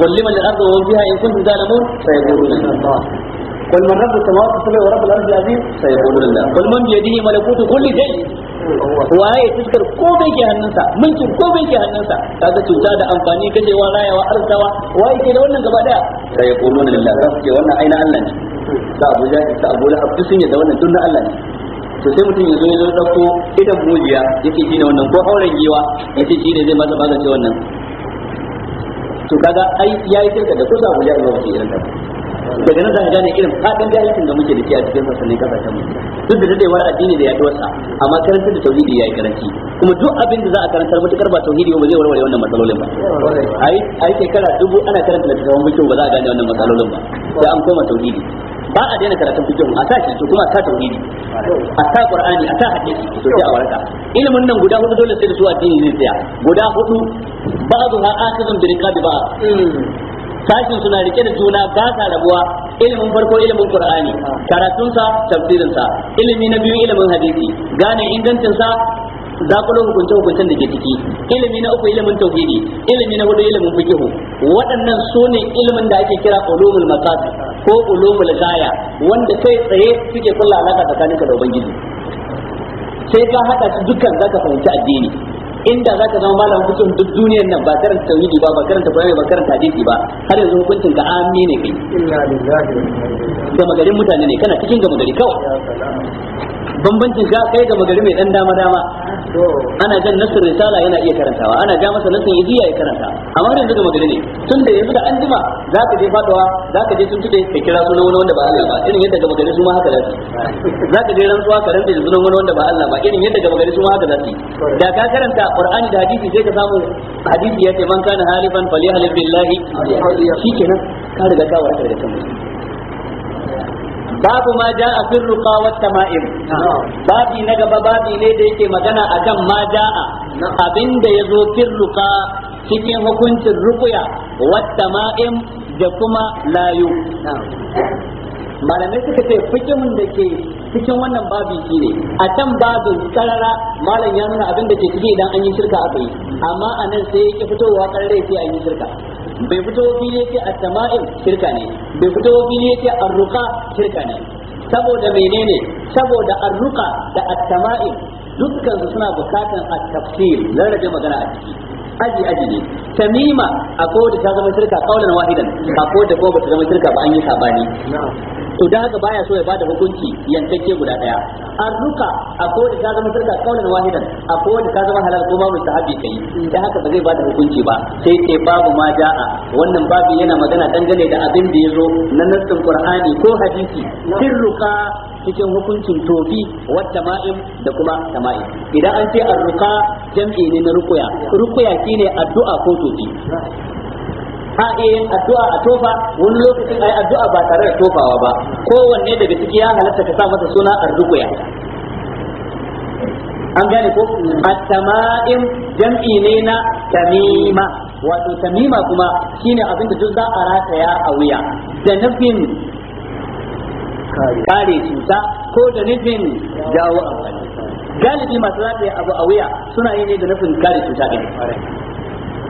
قل لمن الارض ومن فيها ان كنتم تعلمون سيقولون الله قل من رب السماوات السبع ورب الارض العظيم سيقولون الله قل من بيده ملكوت كل شيء waye fuskar komai ke hannunsa mulkin komai ke hannunsa kaga cuta da amfani kajewa rayawa arzawa waye ke da wannan gaba daya sai ya kullu na lillahi sai ke wannan aina Allah ne da Abu Jahl da Abu Lahab duk sun da wannan tun na Allah ne to sai mutum ya zo ya dauko idan mujiya yake shi ne wannan ko auren giwa yake shi ne zai masa ce wannan to kaga ai yayi kirka da kusa wajen Allah ke irin daga nan za ka gane irin fadin jahilcin da muke da shi a cikin sassanin kasashen mu duk da dadewar addini da yaduwar sa amma karantar da tauhidi yayi karanci kuma duk abin da za a karantar mutakar ba tauhidi ba zai warware wannan matsalolin ba ai ai shekara dubu ana karanta da tawon mutum ba za a gane wannan matsalolin ba sai an koma tauhidi ba a daina karatun fiqh a sa shi kuma a sa tauhidi a sa qur'ani a sa hadisi to sai a warka ilimin nan guda hudu dole sai da su addini ne tsaya guda hudu ha akhizun bi riqabi ba sashin suna rike da juna ba sa rabuwa ilimin farko ilimin qur'ani karatunsa tafsirinsa ilimi na biyu ilimin hadisi gane ingancinsa zakulo hukunce hukuncen da ke ciki ilimi na uku ilimin tauhidi ilimi na hudu ilimin fikihu waɗannan sune ilimin da ake kira ulumul maqasid ko ulumul gaya wanda kai tsaye suke kula alaka tsakaninka da ubangiji sai ka hada su dukkan zaka fahimci addini inda zaka zama malamin hukuncin duk duniyar nan ba karanta tauhidi ba ba karanta bayani ba karanta hadisi ba har yanzu hukuncin ka amini ne kai gama garin mutane ne kana cikin gama gari kawai bambancin ga kai gama gari mai dan dama dama ana jan nasir risala yana iya karantawa ana ja masa nasir iziya ya karanta amma yanzu da magana ne tun da yanzu da an jima za ka je fadawa za ka je tun tude ka kira sunan wani wanda ba Allah ba irin yadda ga magana su ma haka zasu za ka je rantsuwa ka rantsa da sunan wani wanda ba Allah ba irin yadda ga magana su ma haka zasu da ka karanta qur'ani da hadisi sai ka samu hadisi ya ce man kana halifan falyahlif billahi shikenan ka riga ka warkar da kanka babu ma a fil ruqa wat tama'im babi na gaba babi ne da yake magana akan ma ja'a abinda yazo fil ruqa cikin hukuncin ruqya wata tama'im da kuma layu malamai suka ce da ke cikin wannan babi shine a can babin karara malam ya nuna abin da ke ciki idan an yi shirka aka amma a nan sai ya ki fitowa karare sai an yi shirka bai fito fili yake a tamaim shirka ne bai fito fili yake a ruka shirka ne saboda menene saboda arruka da at-tama'im dukkan su suna bukatan at-tafsir rarrabe magana a ciki aji aji ne tamima a kowace ta zama shirka kaulan wahidan ba kowace ko bata zama shirka ba an yi sabani to da haka baya so ya bada hukunci yankacce guda daya arruka a kowace ta zama shirka kaulan wahidan a kowace ta zama halal ko babu sahabi kai da haka ba zai bada hukunci ba sai ce babu ma ja'a wannan babu yana magana dangane da abin da yazo na nassin qur'ani ko hadisi sirruka cikin hukuncin tofi wa tama'im da kuma tama'im idan an ce arruka jam'i ne na rukuya rukuya shine addu'a ko tofi a iya yin addu'a a tofa wani lokacin ai addu'a ba tare da tofawa ba kowanne daga ciki ya halatta ka sa masa suna arrukuya an gane ko at-tama'im jam'i ne na tamima wato tamima kuma shine abin da duk za a rataya a wuya da nufin kare cuta ko da nufin jawo amfani galibi masu rataye abu a wuya suna yi ne da nufin kare cuta din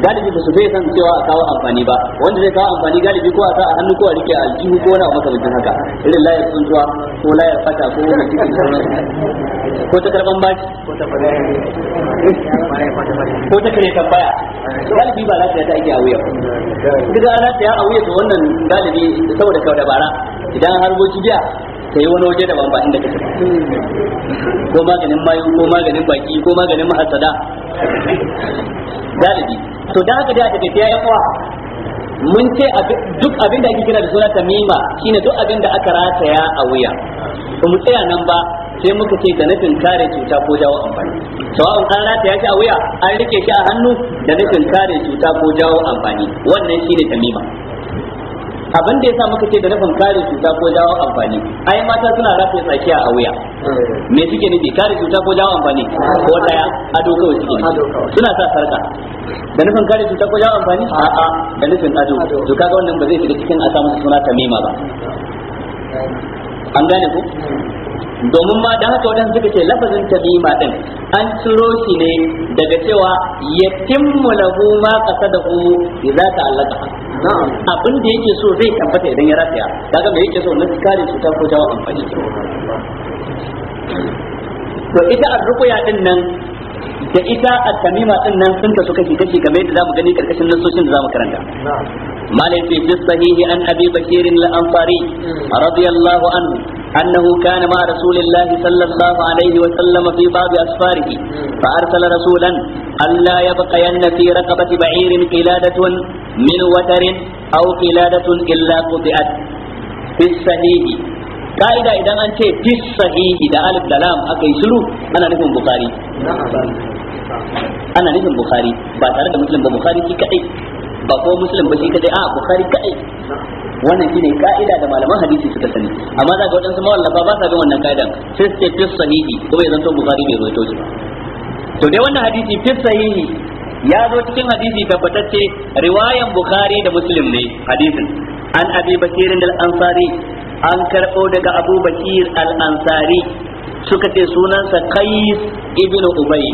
galibi ba su bai san cewa a kawo amfani ba wanda zai kawo amfani galibi ko a sa a hannu ko a rike a aljihu ko wani abu makamancin haka irin layar tsuntuwa ko layar fata ko wani cikin ko ta karban baki ko ta kare tambaya galibi ba lafiya ta ake a wuya duk an lafiya a wuya to wannan galibi saboda kawai dabara idan har goci biya, ta yi wani waje daban ba inda kake hmm. ko maganin mayu ko maganin baki ko maganin mahasada galibi to da haka da daga ta yi uwa mun ce duk abin da ake kira da suna tamima shine duk abin da aka rataya a wuya ba mu tsaya nan ba sai muka ce da nufin kare cuta ko jawo amfani sawa'un an rataya shi a wuya an rike shi a hannu da nufin kare cuta ko jawo amfani wannan shine tamima abin da yasa muka ce da nufin kare cuta ko jawo amfani ai mata suna rafe tsakiya a wuya eh. me suke nufi kare cuta ko jawo amfani ko daya ado kawai suke nufi suna sa sarka da nufin kare cuta ko jawo amfani a'a da nufin ado to kaga wannan ba zai shiga cikin a sa masa suna tamima ba eh. an gane ko domin ma da haka wadanda suka ce lafazin tamima din an ciro shi ne daga cewa ya yatimmu lahu ma za ta allaka. abin da yake so zai tabbata idan ya rafiya kaga mai yake so na kare su ko jawo amfani to ita arruqya din nan da ita a tamima din nan sun kasu kashi kashi game da zamu gani karkashin nasoshin da zamu karanta مالك في الصحيح عن أبي بشير الأنصاري رضي الله عنه أنه كان مع رسول الله صلى الله عليه وسلم في بعض أسفاره فأرسل رسولا ألا يبقين في رقبة بعير قلادة من وتر أو قلادة إلا قطعت في الصحيح ka'ida idan an ce fi sahihi da alif da lam aka yi shiru ana nufin bukhari ana nufin bukhari ba tare da muslim ba bukhari shi kadai ba ko muslim ba shi dai a bukhari kai wannan shine ka'ida da malaman hadisi suka sani amma za ga waɗansu mawallafa ba sa bin wannan ka'idan sai suke fi sahihi kuma ya zanto bukhari bai rawaito shi to dai wannan hadisi fi sahihi ya zo cikin hadisi tabbatacce riwayan bukhari da muslim ne hadisin an abi bakirin al-ansari an karbo daga abu bakir al-ansari suka ce sunansa qais ibnu ubay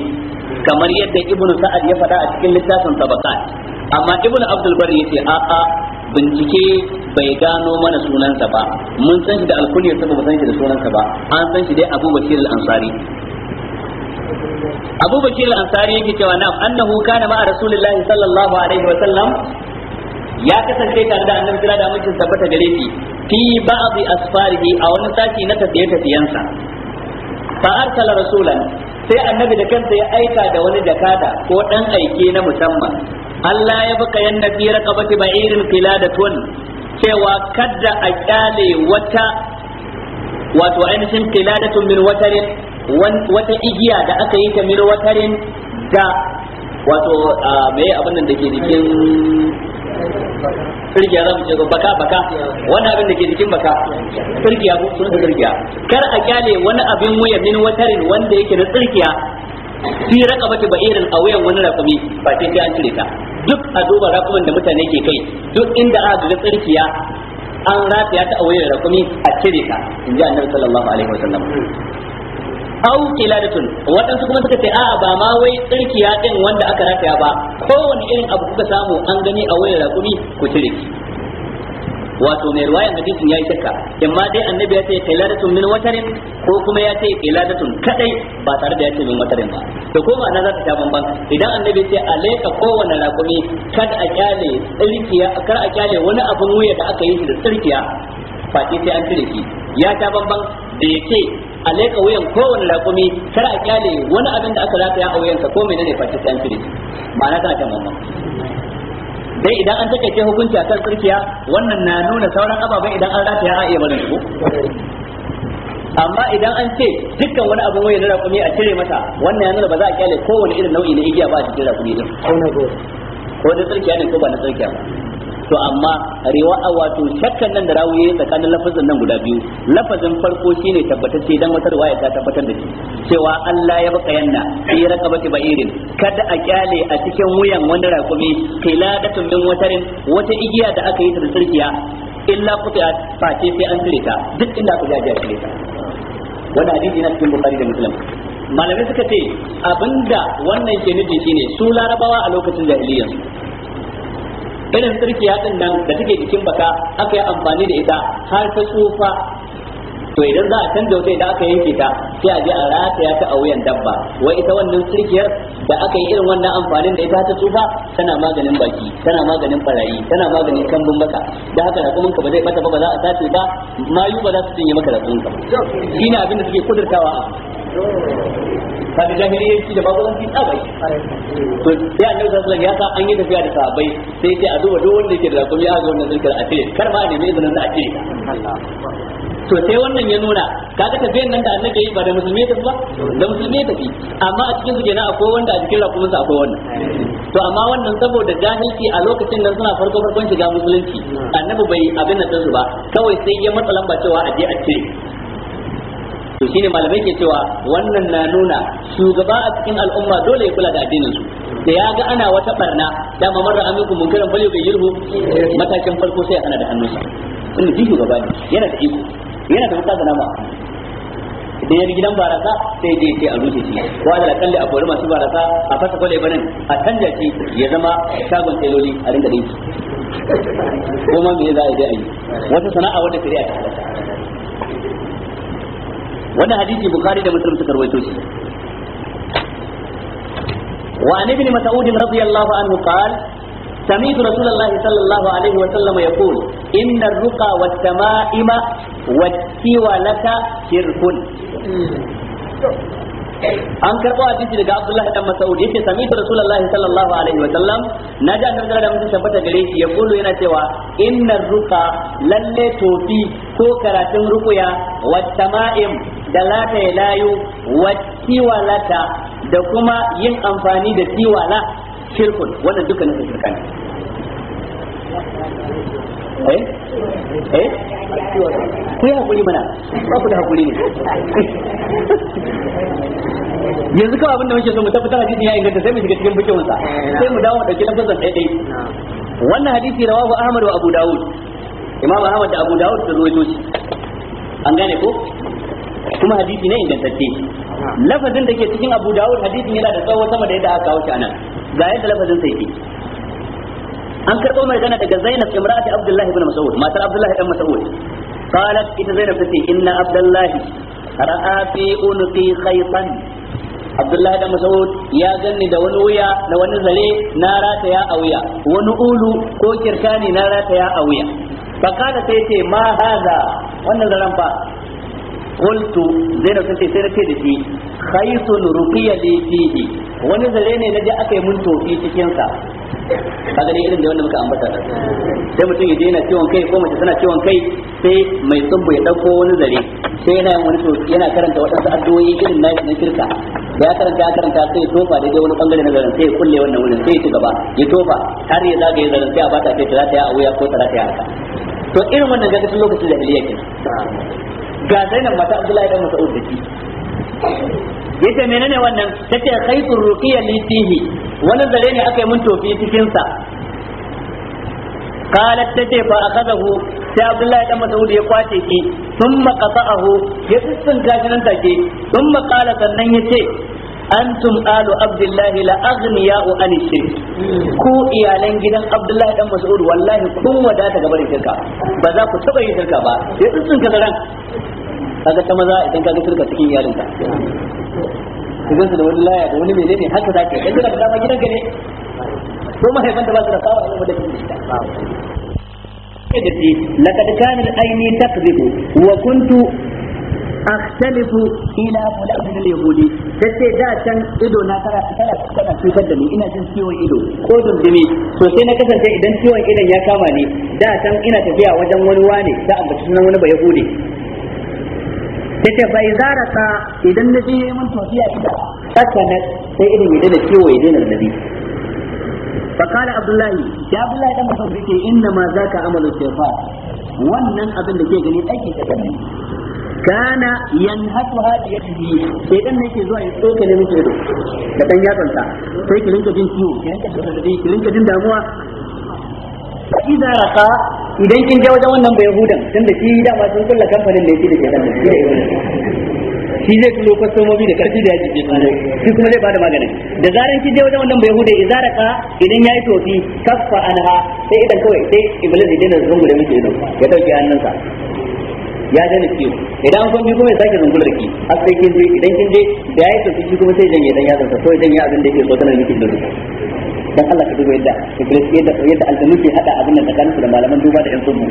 kamar yadda ibnu sa'ad ya faɗa a cikin littafin tabaqat amma ibn abdul bar yace a a bincike bai gano mana sunansa ba mun san shi da alkunya sa ba san shi da sunansa ba an san shi dai abu bashir al-ansari abu bashir al-ansari yake cewa na annahu kana ma'a rasulullahi sallallahu alaihi wa sallam ya kasance tare da annabi jira da mutum tabbata gare shi fi ba'dhi asfarihi a wani sati na tafiye tafiyansa fa arsala rasulan sai annabi da kansa ya aika da wani jakada ko dan aike na musamman Allah ya baka yanda fi raqabati ba'irin qiladatun cewa kadda a kyale wata wato ainihin qiladatun min watarin wata igiya da aka yi ta min watarin da wato mai abin nan dake jikin firgiya za mu ce baka baka wani abin da ke jikin baka firgiya sun da firgiya kar a kyale wani abin wuya min watarin wanda yake na tsirkiya fi ba irin a wuyan wani rakumi ba sai sai an cire ta duk a duba raquman da mutane ke kai duk inda aka ga tsarkiya an rataya ta a wuyan rakumi a cire ta in ji annabi sallallahu alaihi wasallam aw kiladatun waɗansu kuma suka ce a'a ba ma wai tsirkiya din wanda aka rataya ba kowane irin abu kuka samu an gani a wuyan rakumi ku cire wato mai ruwayan hadisin yayi shakka amma dai annabi ya ce qiladatun min watarin ko kuma ya ce qiladatun kadai ba tare da ya ce min watarin ba to ko ma'ana za ta sha bamban idan annabi ya ce alaika kowanne raƙumi kad a kyale tsirkiya kar a kyale wani abun wuya da aka yi shi da tsirkiya fati sai an cire shi ya ta bamban da ya ce alaika wuyan kowanne raƙumi kar a kyale wani abin da aka rataya a wuyansa ko menene fati sai an cire shi ma'ana tana ta bamban dai idan an take hukunci kan tsirkiya wannan na nuna sauran ababai idan an rataya a iya barin su amma idan an ce dukkan wani abu wai na rakumi a cire mata wannan ya nuna ba za a kyale kowane irin nau'i na igiya ba a cikin rakumi din ko na ko da tsirkiya ne ko ba na tsirkiya ba to amma riwa wato shakkan nan da rawiye tsakanin lafazin nan guda biyu lafazin farko shine tabbatacce dan wata riwaya ta tabbatar da shi cewa Allah ya baka yanna raka baki ba'irin kada a kyale a cikin wuyan wani rakumi qiladatun min watarin wata igiya da aka yi ta sirkiya illa qutiat fa ce sai an tsire ta duk inda aka jaje a tsire ta wannan hadisi na cikin bukhari da muslim malamai suka ce abinda wannan ke nufi shine su larabawa a lokacin jahiliyyar irin tsirkiya din nan da take jikin baka aka yi amfani da ita har ta tsufa to idan za a canza wata idan aka yanke ta sai a je a rataya ta a wuyan dabba wai ita wannan tsirkiyar da aka yi irin wannan amfanin da ita ta tsufa tana maganin baki tana maganin barayi tana maganin kambun baka da haka da kuma ba zai bata ba za a tace ba mayu ba za su cinye maka da tsunka ne abin da suke kudurtawa kaga jahiliyanci da babulanci tsabai to sai annabi sallallahu ya sa an yi tafiya da sahabbai sai sai a duba duk wanda yake da zakumi a ga wannan zikir a ce kar ma ne mai izinin da a ce to sai wannan ya nuna kaga tafiyan nan da annabi yi ba da musulmi ta ba da musulmi ta fi amma a cikin su kenan akwai wanda a cikin rakumin sa akwai wannan to amma wannan saboda jahilci a lokacin nan suna farko farkon shiga musulunci annabi bai abin nan su ba kawai sai ya matsa lamba cewa a je a cire. to shine malamai ke cewa wannan na nuna shugaba a cikin al'umma dole ya kula da addinin su da ya ga ana wata barna da ma mun aminkum munkaran bai yirhu matakin farko sai ana da hannunsa inda shi shugaba ne yana da iko yana da mutaka nama idan yar gidan barasa sai je ce a rushe shi ko da kalli a kori masu barasa a fasa kwale banin a canja shi ya zama shagon teloli a rinka dinki ko ma me za a je a yi wata sana'a wadda shari'a ta halatta wannan hadisi bukhari da muslim suka rawaito shi وعن ابن مسعود رضي الله عنه قال سمعت رسول الله صلى الله عليه وسلم يقول إن الرقى والتمائم والتولة شرك an karɓo hadisi daga Abdullahi dan Mas'ud yace sami ta Rasulullah sallallahu alaihi wa sallam naji annabi da mutum tabbata gare ya kullu yana cewa innar ruqa lalle tofi ko karatun Rukuya, wat da lata ya layo wa tiwalata da kuma yin amfani da tiwala shirkun wannan duka na shirka ne eh eh ku ya kuli mana ba ku da hakuri ne yanzu kawai abinda muke so mu tabbatar hadisin ya inganta sai mu shiga cikin bukin sa sai mu dawo da dauki fasan dai dai wannan hadisi rawahu Ahmad wa Abu daud Imam Ahmad da Abu daud da ruwaito shi an gane ko kuma hadisi ne ingantacce lafazin da ke cikin Abu Dawud hadisin yana da tsawo sama da yadda aka kawo shi anan ga yadda lafazin sai ke. an karɓo mai gana daga Zainab imra'ati Abdullah ibn Mas'ud matar Abdullah ibn Mas'ud qalat ita Zainab tace inna Abdullah ra'a fi unqi khaytan Abdullah ibn Mas'ud ya ganni da wani wuya da wani zare na ya a wuya wani ulu ko kirkani na rata ya a wuya fakala sai ce ma haza wannan zaran fa qultu zainab sun ce sai na ce da shi khaytun ruqiya li fihi wani zare ne naje aka yi mun tofi cikin sa kaga ne irin da wanda muka ambata da sai mutum ya je yana ciwon kai ko mace tana ciwon kai sai mai tsumbu ya dauko wani zare sai yana yin wani yana karanta wadansu addu'o'i irin nashi na shirka da ya karanta ya karanta sai ya tofa daidai wani bangare na zaren sai ya kulle wannan wurin sai ya ci gaba ya tofa har ya zagaye zaren sai a bata sai ta za ta yi a wuya ko ta ya ta haka to irin wannan gagatun lokacin jahiliya kenan ga zainab mata abdullahi dan mas'ud da shi yace menene wannan tace khaytur ruqiya li fihi wani zare ne aka yi mun tofi cikin sa qalat tace fa akhadahu sai abdullahi dan mas'ud ya kwace ki thumma qata'ahu ya tsin gashi nan take thumma qala sannan yace antum alu abdullahi la aghniya'u an ku iyalan gidan abdullahi dan mas'ud wallahi kun wadata gaba da shirka ba za ku taba yin shirka ba ya tsin ka ran kaga ta maza idan kaga shirka cikin iyalinka idan su da wani laya da wani menene haka za ka yi yanzu da dama gidan ka ne ko mahaifanta ba su da sawa a da shi da shi laqad kana al-ayni takdhibu wa kuntu akhtalifu ila fulan min al-yahudi tace da can ido na tara tara tana cutar da ni ina jin ciwon ido ko dundumi to sai na kasance idan ciwon idon ya kama ni da can ina tafiya wajen wani wane da ambaci sunan wani ba yahudi yace fa idza rasa idan nabi yayi mun tafiya ita sakana sai idan ya da ciwo ya daina nabi fa kana abdullahi ya abdullahi dan mutum yake inna ma zaka amalu shefa wannan abin da ke gani dake ta gani kana yanhatu hadi yadihi sai dan nake zuwa ya tsoka ne miki da dan yatsanta sai ki rinka jin ciwo ki rinka jin damuwa idan raqa idan kin je wajen wannan bai hudan dan da shi da sun kulla kamfanin da yake da ke da shi da shi zai kullo kwastomomi da karfi da yaji bai shi kuma zai bada maganin da zaran kin je wajen wannan bai hudan idan raqa idan yayi tofi kaffa anha sai idan kawai sai iblis idan daina zungu da muke ido ya dauke hannunsa ya daina ciwo idan an kwanci kuma ya sake da ki har sai kin je idan kin je da ya yi tafi shi kuma sai janye dan ya zanta ko idan ya abin da yake so tana miki da duka dan Allah ka duba yadda iblis yadda yadda aljanu ke hada abin da tsakaninsu da malaman duba da yan sunna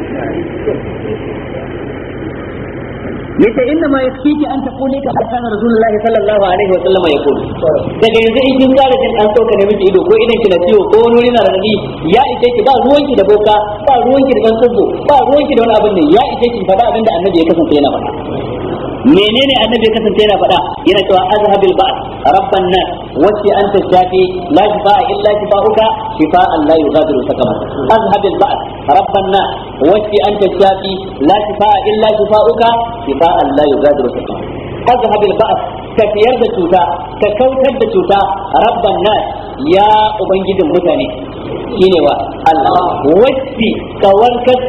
yace inna ma yakfiki an taquli ka kana rasulullahi sallallahu alaihi wa sallam yaqul daga yanzu in kin kare kin an soka ne miki ido ko idan kina ciwo ko wani na radadi ya ki ba ruwanki da boka ba ruwanki da dan tsubbo ba ki da wani abin ne ya ite ki faɗa abin annabi ya kasance yana faɗa menene annabi kasance yana faɗa yana cewa azhabil ba'd rabban nas wati anta shafi la shifaa illa shifauka shifaan la yughadiru saqama azhabil ba'd rabban nas wati anta shafi la shifaa illa shifauka shifaan la yughadiru saqama azhabil ba'd ka fiyar da cuta ka kautar da cuta rabban nas ya ubangijin mutane shine wa Allah wati ka warkar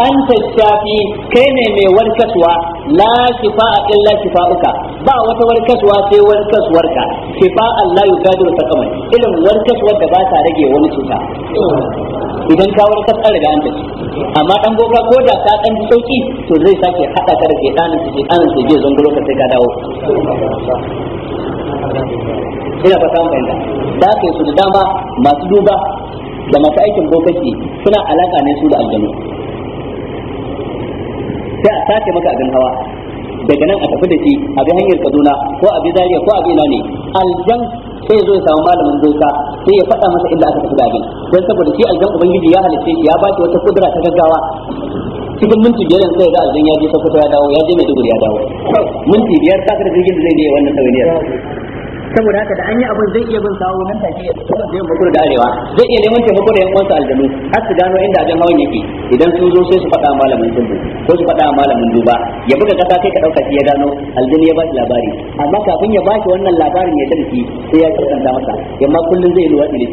anta shafi kai ne mai warkaswa la shifa a la shifa uka? ba wata warkaswa sai warkaswar ka. Shifa Allah ya la ta sakaman irin warkaswar da ba ta rage wani cuta idan ka warkas an riga an tafi amma dan goka ko da ka dan ji sauki to zai sake hada ka da shedanin su shedanin su je zango lokacin ka dawo ina fata mun fahimta da ke su da dama masu duba da masu aikin bokaci suna alaka ne su da aljanu sai a sace maka abin hawa daga nan a tafi da shi a bi hanyar Kaduna ko a bi zariya ko a bi ina ne aljan sai ya zo ya samu malamin doka sai ya faɗa masa inda aka tafi da abin don saboda shi aljan ubangiji ya halitta ya ba wata kudura ta gaggawa cikin minti biyar sai ga aljan ya je Sokoto ya dawo ya je Maiduguri ya dawo minti biyar ka da jirgin da zai je wannan sauniyar saboda haka da an yi abin zai iya bin sawo nan take ya tsaya da yamma da arewa zai iya neman taimako da yan uwansa aljanu har su gano inda ajan hawan yake idan sun zo sai su faɗa malamin tundu ko su faɗa malamin duba ya buga kasa kai ka ɗauka shi ya gano aljanu ya ba shi labari amma kafin ya ba shi wannan labarin ya tarki sai ya kirkanta masa yamma kullum zai luwa ne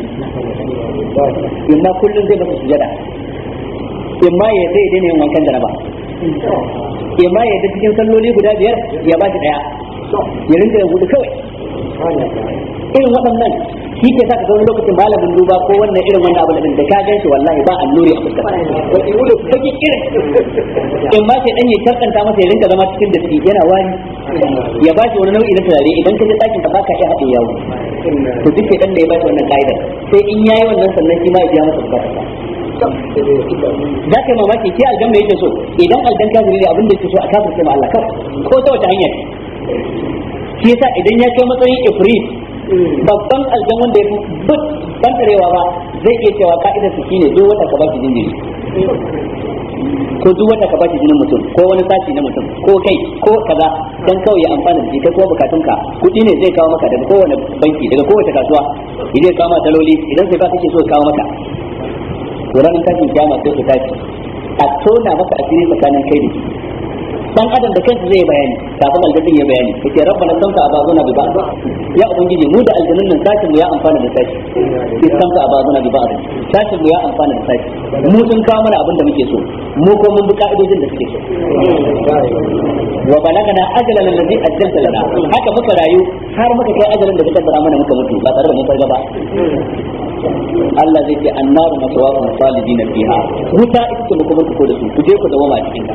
yamma kullum zai masa sujada yamma ya zai daina yin wankan da raba yamma ya da cikin salloli guda biyar ya ba shi ɗaya ya rinka ya gudu kawai irin waɗannan shi ke ka ga wani lokacin malamin duba ko wannan irin wannan abu da ka gan shi wallahi ba alluri a fuskar kake irin in ma sai dan ya masa ya rinka zama cikin da yana wani ya ba shi wani nau'i na turare idan ka je ɗakin ka baka iya haɗe yawo to duk dan da ya ba shi wannan ka'idar sai in yayi wannan sannan shi ma ya biya masa bukata za ka yi mamaki ke aljan mai yake so idan aljan kafiri ne abin da yake so a kafirce ma Allah kawai ko ta wata hanya shi yasa idan ya kai matsayin ifrit babban aljamun da ya fi ban tarewa ba zai iya cewa ka'idar su shine duk wata ka ba shi jinjiri ko duk wata ka ba shi jinin mutum ko wani sashi na mutum ko kai ko kaza dan kawai ya amfana da shi kai kuma bukatunka kuɗi ne zai kawo maka daga kowane banki daga kowace kasuwa idan kawo maka daloli idan sai ka kake so kawo maka ranar tashin kiyama sai ku tashi a tona maka asiri tsakanin kai da shi dan adam da kansa zai bayani kafin aljannin ya bayani kace rabbana samta abazuna bi ba'd ya ubangiji mu da aljannin nan sashin mu ya amfana da sashi samta abazuna bi ba'd sashin mu ya amfana da sashi mu sun kawo mana abin da muke so mu ko mun bi ka'idojin da suke so wa balagana ajalan allazi ajjalta lana haka muka rayu har muka kai ajalin da muka tsara mana muka mutu ba tare da mun farga ba Allah zai ce annaru matawafu salidina fiha wuta ita ce kuma ku da su ku je ku zama ma cikin ta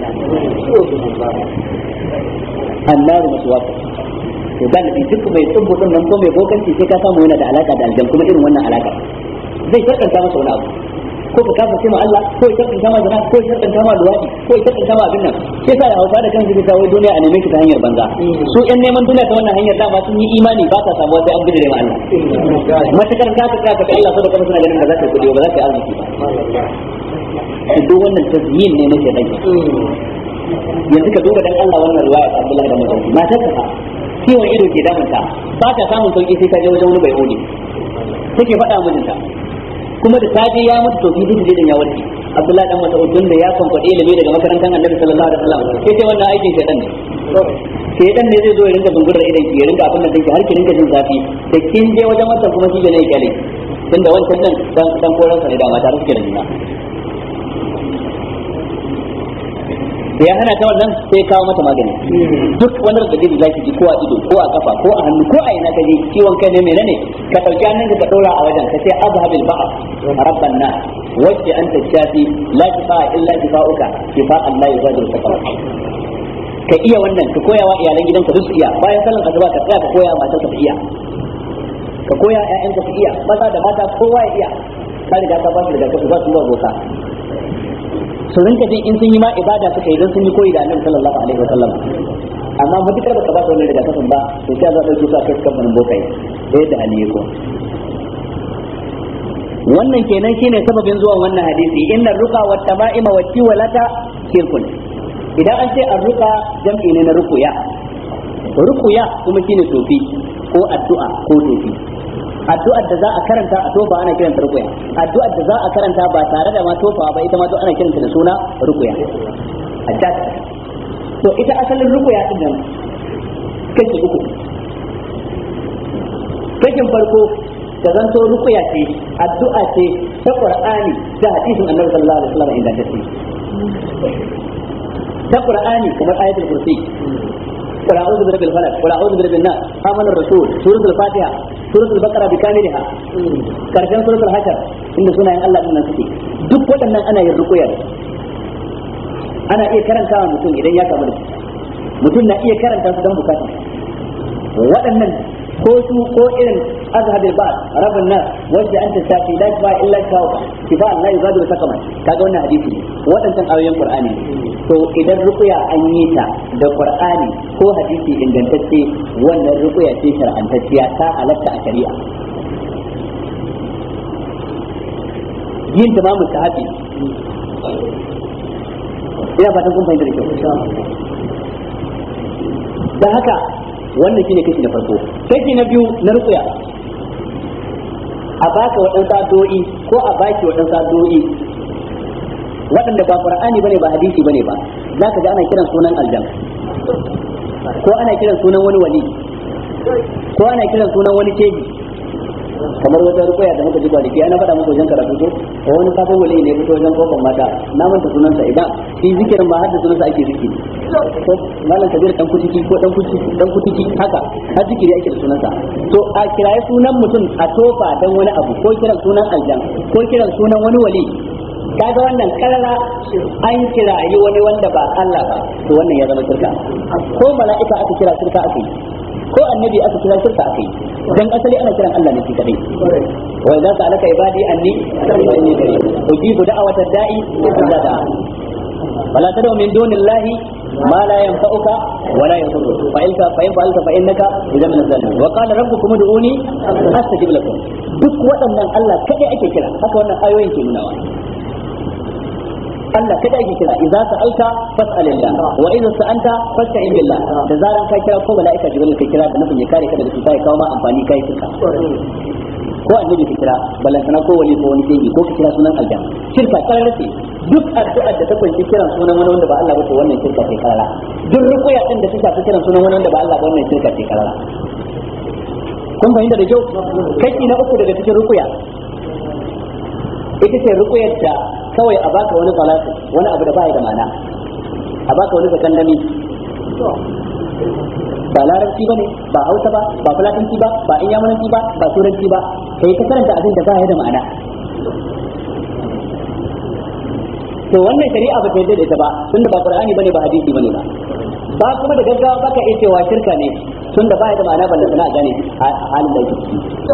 annaru matawafu to galibi duk mai tsubu din nan ko mai bokanci sai ka samu yana da alaka da aljan kuma irin wannan alaka zai sarkanta masa wani abu ko ka kafa ce ma Allah ko ka tantance ma zina ko ka tantance ma luwadi ko ka tantance ma abin nan sai sa hausa da kansu ta wai duniya a neman ki ta hanyar banza su yan neman duniya ta wannan hanyar ba sun yi imani ba ta samu sai an gudure ma Allah matakar ka ka ka Allah saboda kuma suna ganin ba za ka kudi ba za ka arziki ba duk wannan tazmin ne nake dake yanzu ka duba dan Allah wannan riwaya ta Abdullahi da Mazauki matar ka ciwon ido ke damunta ba ta samun sauki sai ka je wajen wani bai hode take faɗa mijinta kuma da safe ya mutu to bibi da ya warke abdullahi dan wata tun da ya kwankwade ilimi daga makarantar annabi sallallahu alaihi wasallam sai ce wannan aikin shedan ne shedan ne zai zo ya rinka bungurar idan ki ya rinka abin da dinki har ki rinka jin zafi da kin je wajen wannan kuma shi ne ya kyale tunda wancan nan dan dan koran sa ne da mata suke da juna da ya hana ta wannan sai ya kawo mata magani duk wanda da gidi zaki ji ko a ido ko a kafa ko a hannu ko a ina ka ji ciwon kai ne ne ka dauki hannun ka dora a wajen ka sai azhabil ba'a rabban nas wacce anta shafi la shifa illa shifauka shifa Allah ya ka sakara ka iya wannan ka koya wa iyalan gidanka duk iya bayan sallan azaba ka tsaya ka koya matar ka iya ka koya ƴaƴanka su iya maza da mata kowa ya iya ka riga ka ba shi daga ka ba su ba boka su rinka jin in sun yi ma ibada suka yi don sun yi koyi da annabi sallallahu alaihi wa sallam amma matukar baka ba ta wani rigakafin ba to sai za ta dauki su a kai kamfanin bokai sai da hali ko wannan kenan shine sababin zuwa wannan hadisi inna ruqa wat tama'ima wat tiwalata kirkun idan an ce arruka jam'i ne na rukuya rukuya kuma shine tofi ko addu'a ko tofi addu'ar da za a karanta a tofa ana kiranta rukuya addu'ar da za a karanta ba tare da ma tofa ba ita ma duk ana kiranta da suna rukuya addu'a to ita asalin rukuya din nan kake uku kake farko da zanto rukuya ce addu'a ce ta qur'ani da hadisin annabi sallallahu alaihi wasallam inda ta ce ta qur'ani kamar ayatul kursi قل اعوذ برب الفلق قل اعوذ برب الناس امن الرسول سوره الفاتحه سوره البقره بكاملها كرشن سوره الحشر ان سنن الله din nan suke duk waɗannan ana yin ruqya ana iya karantawa mutum idan ya kamu mutum na iya karanta su waɗannan ko su ko irin azhabil ba rabin nas wanda anta tafi la ba illa kaw kifa da yuzadu sakaman kaga wannan hadisi ne wadannan ayoyin qur'ani to idan ruqya an yi ta da qur'ani ko hadisi ingantacce wannan ruqya ce shar'antacciya ta halatta a shari'a yin ta mamu sahabi ina fatan kun fahimta da kyau da haka wannan shine kashi na farko kashi na biyu na rukuya a baka waɗansu addu'o'i ko a baki waɗansu addu'o'i waɗanda ba qur'ani bane ba hadisi bane ba za ka ga ana kiran sunan aljan ko ana kiran sunan wani wali ko ana kiran sunan wani teji kamar wata rukwaya da muka ji kwanaki ana faɗa muku wajen karatu ko wani sabon wali ne fito wajen kofar mata na manta sunansa idan eh, shi zikirin ba har da sunansa ake zikiri ko malam kabir dan kutiki ko dan kutiki dan kutiki haka har zikiri ake da sunansa to a kiraye sunan mutum a tofa dan wani abu ko kiran sunan aljan ko kiran sunan wani wali kaga wannan karara an kirayi wani wanda ba Allah ba to wannan ya zama shirka ko mala'ika aka kira shirka aka yi ko annabi aka kira shirka aka yi dan asali ana kiran Allah ne shi kadai za idza alaka ibadi anni anni qarib ujibu da'wata da'i idza da'a wala tad'u min dunillahi ما لا ينفعك ولا يضرك فإن فإن فعلت فإنك إذا من الظالمين وقال ربكم ادعوني أستجب لكم duk waɗannan Allah kaɗai ake kira haka wannan ayoyin ke nuna wa? Allah kada ake kira idza sa'alta fas'alillah wa idza sa'anta fasta'in billah da zaran ka kira ko mala'ika jibril ka kira da nufin ya kare ka daga cuta ya kawo ma amfani kai suka ko annabi ka kira balantana ko wali ko wani shehi ko ka kira sunan aljanna shirka karar ce duk addu'ar da ta kunshi kiran sunan wani wanda ba Allah ba to wannan shirka ce karara duk rukuya din da ta shafi kiran sunan wani wanda ba Allah ba wannan shirka ce karara kun fahimta da kyau kashi na uku daga cikin rukuya ita ce rukuyar ta. kawai a baka wani balasi wani abu da ba da mana a baka wani zakandami ba larabci ba ne ba hausa ba ba fulatanci ba ba inyamuranci ba ba turanci ba ka yi kasaranta abin da ba da ma'ana to wannan shari'a ba ta yadda da ita ba da ba qur'ani bane ba hadisi bane ba ba kuma da gaggawa baka iya cewa shirka ne da ba da ma'ana ballan sana'a gane halin da yake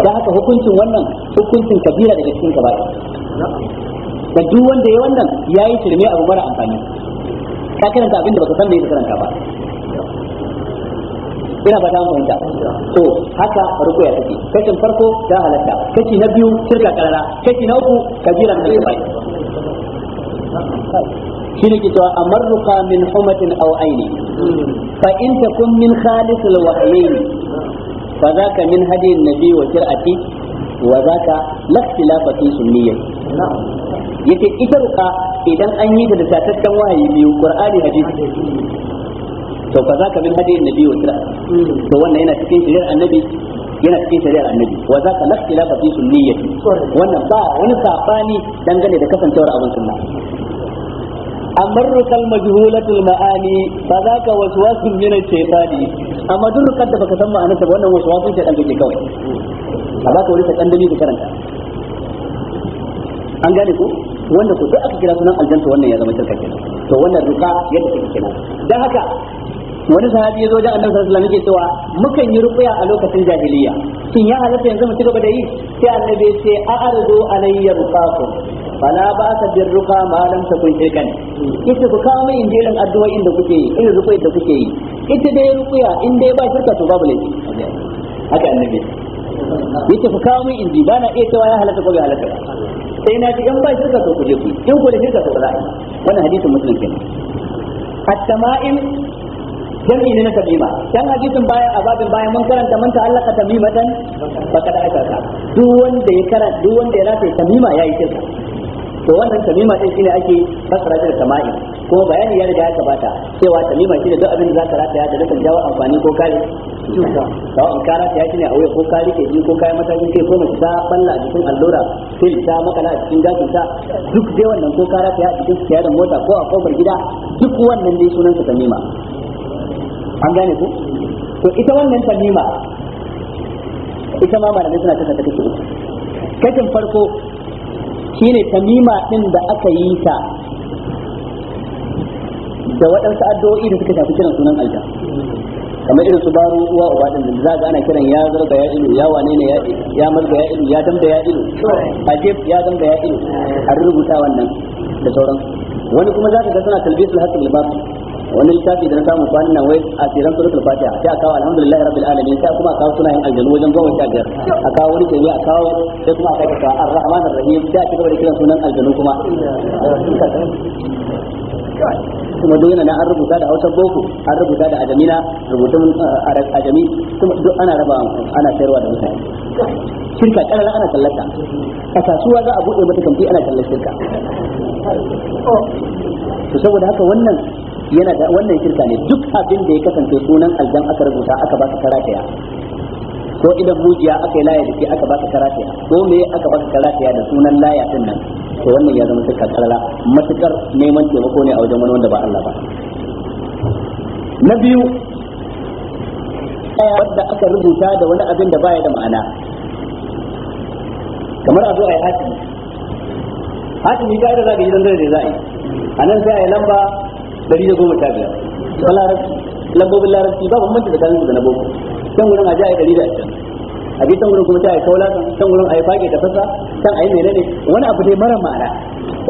da haka hukuncin wannan hukuncin kabira daga cikin gaba da duk wanda ya wannan ya yi shirme abu mara amfani ka karanta abin da baka san da ya karanta ba ina ba ta fahimta to haka ruku ya take Kacin farko ta halatta Kaci na biyu shirka karara Kaci na uku kabira na bai ne ke cewa marruka min humatin au aini fa in takun min khalis al fa za ka min hadin nabi wa qira'ati wa zaka lakhtilafa fi sunniyyah yace ita ruka idan an yi da littattafan wahayi biyu qur'ani hadisi to fa zaka min hadiyin nabi wa sira to wannan yana cikin shari'ar annabi yana cikin shari'ar annabi wa zaka lakhtilafa fi sunniyyah wannan ba wani sabani dangane da kasancewar abin sunna amma rukal majhulatul ma'ani fa wasu wasu min ash-shaytani amma duk rukar da baka san ma'anarsa ba wannan wasu waswasun shaytan kake kawai a ka wuri ta kandami ka karanta an gane ko wanda ku duk aka kira sunan aljanta wannan ya zama shirka kenan to wannan ruka yadda take kenan dan haka wani sahabi ya zo da annabi sallallahu alaihi wasallam yake cewa mukan yi ruqya a lokacin jahiliya shin ya halatta yanzu mu ci da yi sai annabi ya ce a'ridu alayya ruqakum fala ba'sa birruqa ma lam takun shirkan kike ku kawo mai injirin addu'o'in da kuke yi irin ruqyar da kuke yi ita dai ruqya in dai ba shirka to babu ne haka annabi yace ku kawo min inji bana iya cewa ya halaka ko bai halaka sai na ji in ba shirka to ku je ku in ku da shirka to ba za wannan hadisin muslim kenan hatta ma'in dan ne na tamima dan hadisin baya a baya mun karanta man ta'allaka tamimatan da asharka duk wanda ya karanta duk wanda ya rafe tamima yayi shirka to wannan tamima din shine ake fasara da tama'in ko bayani ya riga ya gabata cewa tamima da duk abin da zaka rataya da nufin jawo amfani ko kare to sawa in ka rataya ne a wuya ko kare rike ji ko kai matakin kai ko mace ta balla a jikin allura fil ta makala a cikin gashin ta duk dai wannan ko kara ta a cikin da mota ko a kofar gida duk wannan dai sunan ka tamima an gane ku to ita wannan tamima ita ma malamai suna kasa ta kashi uku kashin farko shine tamima din da aka yi ta da waɗansu addu'o'i da suka shafi kiran sunan aljan kamar irin su baro uwa uba din da za a ana kiran ya zarga ya ilu ya wane ne ya marga ya ilu ya damda ya ilu ajib ya damda ya ilu a rubuta wannan da sauran wani kuma za ka ga suna talbisul haqqi bil batil wani littafi da na samu kwanan nan wai a tsiran suratul fatiha sai a kawo alhamdulillahi rabbil alamin sai kuma a kawo yin aljanu wajen gwamnati a biyar a kawo wani kemi a kawo sai kuma a kai ka ar-rahman ar-rahim sai a ci gaba da kiran sunan aljanu kuma kuma duk yana an rubuta da Hausa boko an rubuta da ajamina rubutun uh, ajami kuma duk ana raba ana sayarwa da mutane shirka karara ana tallata a kasuwa za a buɗe mata kamfi ana tallar shirka to saboda haka wannan yana da wannan shirka ne duk abin da ya kasance sunan aljan aka rubuta aka ba ka karataya ko idan mujiya aka yi laya da ke aka baka karatiya ko me aka baka karatiya da sunan laya din nan to wannan ya zama suka karala matukar neman taimako ne a wajen wani wanda ba Allah ba na biyu wadda aka rubuta da wani abin da baya da ma'ana kamar a zo a yi hatimi hatimi ga da za ka yi dan da za'i a yi a nan sai a yi lamba 115 lambobin larabci ba bambanci da kalin da na boko can wurin a ji a yi 120 a bi can wurin kuma sai a yi kaula can wurin a yi fage da fasa can a yi ne wani abu dai mara ma'ana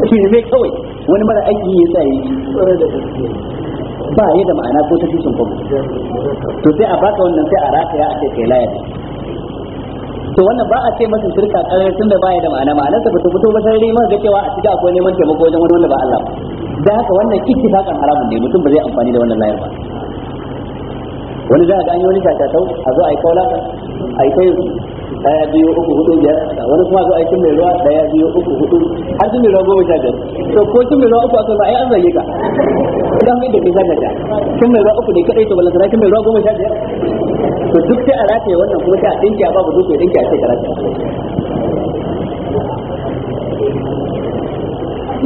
shi ne mai kawai wani mara aiki ya sa yi ba yi da ma'ana ko ta fi sun kuma to sai a baka wannan sai a rataya ya ake kai layar to wannan ba a ce masa shirka karar tunda baya da ma'ana ma'ana ba ta fito ba sai dai ga cewa a cikin akwai neman taimako wajen wani wanda ba Allah da haka wannan ittifaqan haramun ne mutum ba zai amfani da wannan layar ba wani za a ga an yi wani shakatau a zo a yi kaula a yi kai daya biyu uku hudu biyar wani kuma zo a yi tun mai ruwa daya biyu uku hudu har tun mai ruwa goma sha biyar to ko tun mai ruwa uku a zo ai an zage ka idan mai da ke sha ta tun mai ruwa uku ne kadai to balantana tun mai ruwa goma sha biyar to duk sai a rataye wannan kuma sai a dinki a babu duk a dinki a ce karatu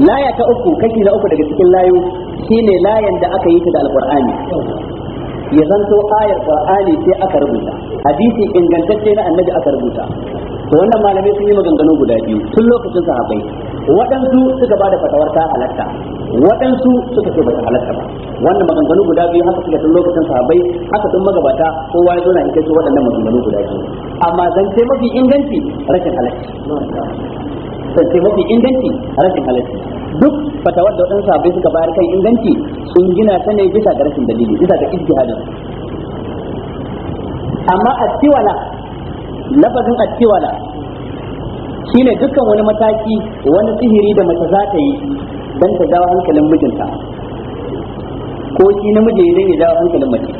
laya ta uku kashi na uku daga cikin layu shine layan da aka yi ta da alqur'ani ya zanto ayar qur'ani sai aka rubuta hadisi ingantacce na annabi aka rubuta to wannan malamai sun yi maganganu guda biyu tun lokacin sahabbai waɗansu suka bada fatawar ta halatta waɗansu suka ce bata halatta ba wannan maganganu guda biyu haka suka tun lokacin sahabbai haka tun magabata kowa ya zauna in kai waɗannan maganganu guda biyu amma zance mafi inganci rashin halatta kasance mafi inganci rashin halarci duk fatawar da waɗansu abin suka bayar kan inganci sun gina ta ne bisa ga rashin dalili bisa ga ijtihadin amma attiwala lafazin attiwala shine dukkan wani mataki wani sihiri da mace za ta yi dan ta dawo hankalin mijinta ko shi namiji ya zai dawo hankalin mace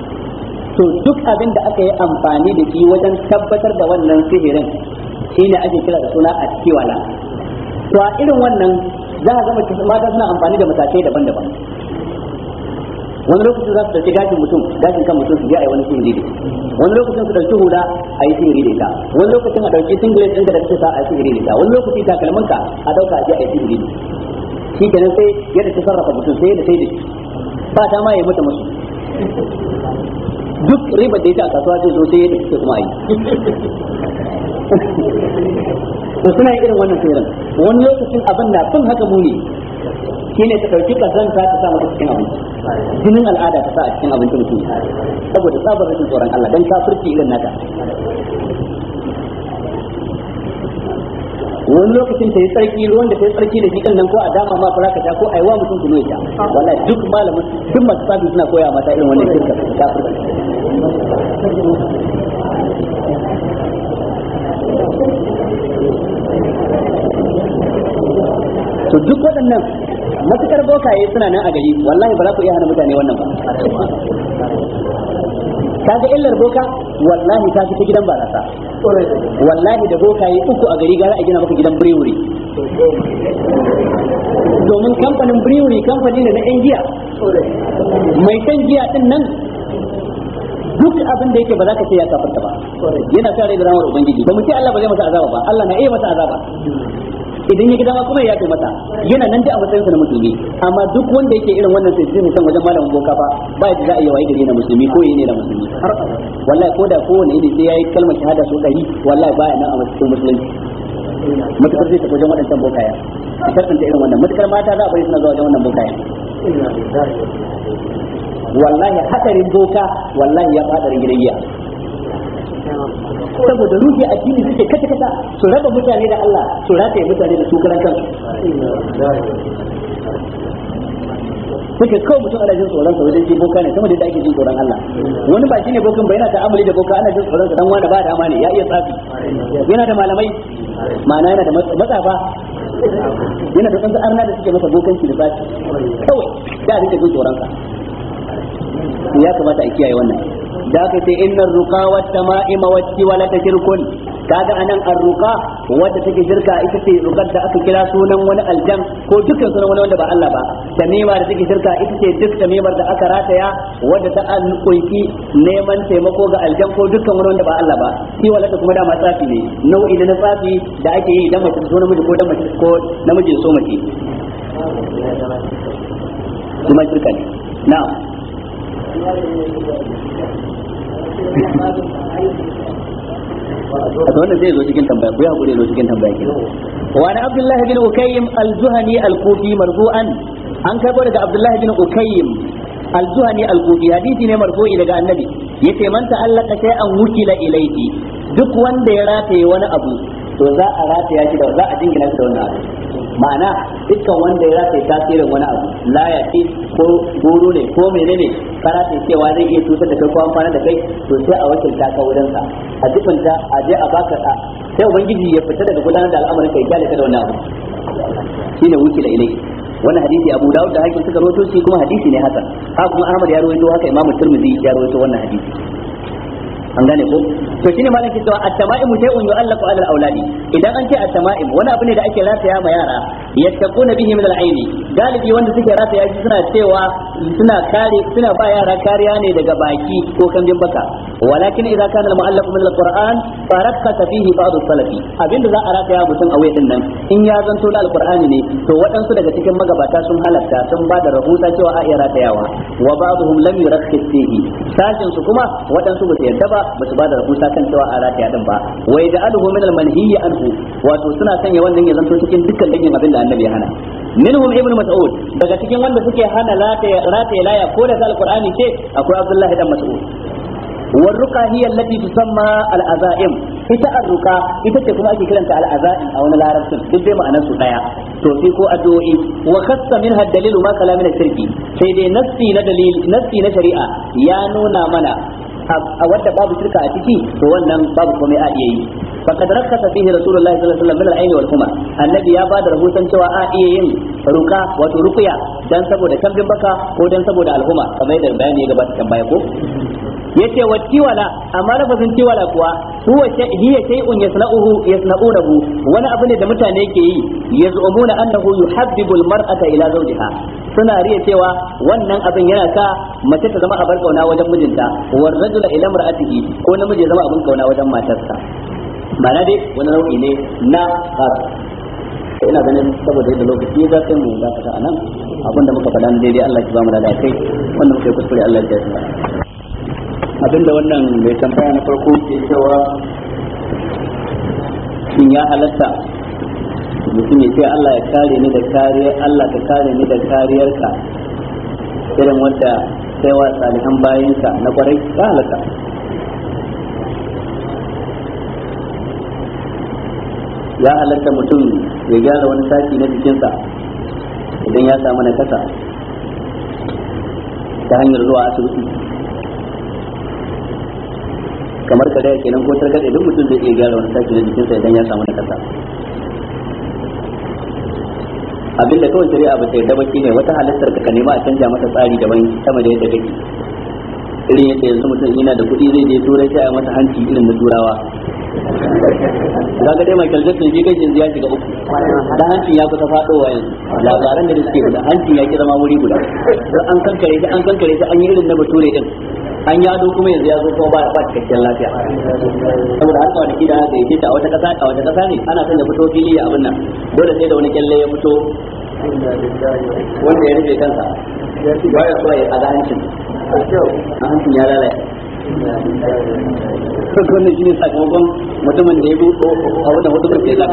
to duk abin da aka yi amfani da shi wajen tabbatar da wannan sihirin shine ake kira da suna attiwala to a irin wannan za a gama mata suna amfani da matakai daban-daban wani lokacin za su ɗauki gashin mutum gashin kan mutum su je a yi wani sihiri da wani lokacin su ɗauki hula a yi sihiri da ita wani lokacin a ɗauki singlet ɗin da kake sa a yi sihiri da wani lokacin takalmanka a ɗauka a je a yi sihiri da shi kenan sai yadda ta sarrafa mutum sai yadda sai da shi ba ta ma ya mata musu duk ribar da ita a kasuwa zai zo sai yadda suke kuma yi to suna yin irin wannan sirrin wani lokacin abin na sun haka muni shine ta dauki kazanta ta ta samu cikin abin jinin al'ada ta sa a cikin abin mutum saboda tsabar rashin tsoron Allah dan kafirci irin naka wani lokacin ta yi tsarki ruwan da ta yi tsarki da jikin nan ko a dama ma fara ka sha ko aiwa mutum kuno ya wala duk malamin duk masu tsabi suna koya mata irin wannan shirka kafirci to duk waɗannan matukar bokaye suna nan a gari wallahi ba za ku iya hana mutane wannan ba ga illar boka wallahi ta fi ta gidan barasa wallahi da bokaye uku a gari gara a gina maka gidan brewery domin kamfanin brewery kamfani ne na yan giya mai kan giya din nan duk abin da yake ba za ka ce ya kafarta ba yana sa rai da ramar ubangiji ba mu ce Allah ba zai masa azaba ba Allah na iya masa azaba idan ya ga dama kuma ya yafe mata yana nan dai a matsayinsa na musulmi amma duk wanda yake irin wannan sai zai san wajen malamin boka ba ba yadda za a yi wa gari na musulmi ko yayi na musulmi har wallahi ko da kowane ne sai yayi kalmar shahada so dari wallahi baya nan a matsayin musulmi matukar zai tafi wajen waɗancan bokaya a kasance irin wannan matukar mata za a bari suna zuwa wajen wannan bokaya wallahi hadarin boka wallahi ya fadarin gidan giya saboda ruhi addini suke kata kata su raba mutane da Allah su rataye mutane da su karan kansu suke kawai mutum ana jin tsoron sa wajen ji boka ne sama da yadda ake jin tsoron Allah wani ba shine bokan ba yana ta'amuli da boka ana jin tsoron sa dan wanda ba dama ne ya iya tsafi yana da malamai ma'ana yana da matsafa yana da tsantsan arna da suke masa bokanci da tsafi kawai da ake jin tsoron sa ya kamata a kiyaye wannan da aka ce inna ruqa wat tama'ima wat wala ta shirkun kaga anan arruqa wadda take shirka ita ce ruqar da aka kira sunan wani aljan ko dukkan sunan wani wanda ba Allah ba tamima da take shirka ita ce duk tamimar da aka rataya wadda ta alƙunki neman taimako ga aljan ko dukkan wani wanda ba Allah ba wala ta kuma da matsafi ne nau'i na tsafi da ake yi dan mace ko namiji ko dan mace ko namiji so mace kuma shirka ne na'am to wannan zai zo cikin tambaya ku ya hakuri zo cikin tambaya ke wa na abdullah bin ukayyim al zuhani al-kufi marfu'an an karbo daga Abdullahi bin ukayyim al zuhani al-kufi hadisi ne marfu'i daga annabi yace man ta'allaka shay'an wukila ilayhi duk wanda ya rataye wani abu to za a rataya shi da za a jingina shi da wannan abu ma'ana dukkan wanda ya rataya tasirin wani abu laya ce ko guru ne ko menene ka rataya cewa zai iya cutar da kai ko amfana da kai to sai a wakilta ka wurin sa a ta a je a baka sa sai ubangiji ya fita daga gudanar da al'amarin kai kyale ka da wannan abu shine wukila ilai wannan hadisi Abu Dawud da Hakim suka rawaito shi kuma hadisi ne haka ha kuma Ahmad ya rawaito haka Imam Tirmidhi ya rawaito wannan hadisi an gane ko to shine malam ke cewa at-tama'im shay'un yu'allaqu 'ala al-awladi idan an ce at-tama'im wani abu ne da ake rataya ma yara yattaquna bihi min al-aini galibi wanda suke rataya shi suna cewa suna kare suna ba yara kariya ne daga baki ko kambin baka walakin idza kana al-mu'allaq min al-Qur'an farakkata fihi abinda za a rataya mutum a wayin nan in ya zanto da ne to waɗansu daga cikin magabata sun halatta sun ba da rahusa cewa a iya ratayawa wa ba'dhum lam yurakkis fihi sashin su kuma waɗansu ba su yarda ba ba su ba da rahusa kan cewa a rataya din ba wa yaj'aluhu min al-manhiyyi anhu wato suna sanya wannan ya zanto cikin dukkan dangin abin da annabi ya hana minhum ibn mas'ud daga cikin wanda suke hana rataya laya ko da alqur'ani ce akwai abdullahi dan mas'ud والرقى هي التي تسمى العزائم ita arruka ita ce kuma ake kiranta al'azai a wani larabcin duk dai ma'anar su daya to sai ko addu'o'i wa khassa minha dalilu ma kala min shirki sai dai nassi na dalil na shari'a ya nuna mana a wadda babu shirka a ciki to wannan babu komai a iya yi faqad rakkasa fihi rasulullahi sallallahu alaihi wasallam min al-ayn wal kuma annabi ya bada rahoton cewa a iya yin ruka wato rukuya dan saboda kambin baka ko dan saboda al'umma kamar yadda bayani ya gabata kan baya ko yace wa tiwala amma lafazin tiwala kuwa huwa hiya shay'un yasna'uhu yasna'unahu wani abu ne da mutane ke yi ya yaz'umuna annahu yuhabbibul mar'ata ila zawjiha suna riya cewa wannan abin yana sa mace ta zama abar kauna wajen mijinta war rajula ila mar'atihi ko namiji zama abin kauna wajen matarsa ma'ana dai wani nau'i ne na kafi ina ganin saboda yadda lokaci ya zafi mu za ta anan abinda muka faɗa ne dai Allah ki ba mu da kai wanda muka yi kuskure Allah ya ji abinda wannan mai tambaya na farko ke cewa shin ya halatta mutum ya ce Allah ya kare ni da kariyar Allah ka kare ni da kariyarka irin wadda sai wa salihan bayinka na kwarai ya halatta ya halatta mutum ya gyara wani sashi na jikinsa idan ya samu na kasa ta hanyar zuwa asibiti kamar kare kenan ko tarkaɗe duk mutum zai iya gyara wani sashi na jikinsa idan ya samu na kasa abinda kawai shari'a ba ta yarda ba ne wata halittar ka nema a canja mata tsari daban sama da yadda kake irin yadda yanzu mutum yana da kuɗi zai je turai sai a masa hanci irin na turawa kaga dai Michael Jackson shi kai yanzu ya shiga uku da hanci ya kusa fadowa yanzu labaran da suke guda hancin ya kira ma wuri guda an kankare shi an kankare shi an yi irin na bature din an yado kuma yanzu ya zo kuma ba ya ba cikakken lafiya saboda har kawai kida da yake ta wata kasa a wata kasa ne ana son ya fito fili a abin nan dole sai da wani kyalle ya fito wanda ya rufe kansa baya so ya aga hancin a hancin ya lalace wannan shine sakamakon mutumin da ya buɗo a hudu wata barke da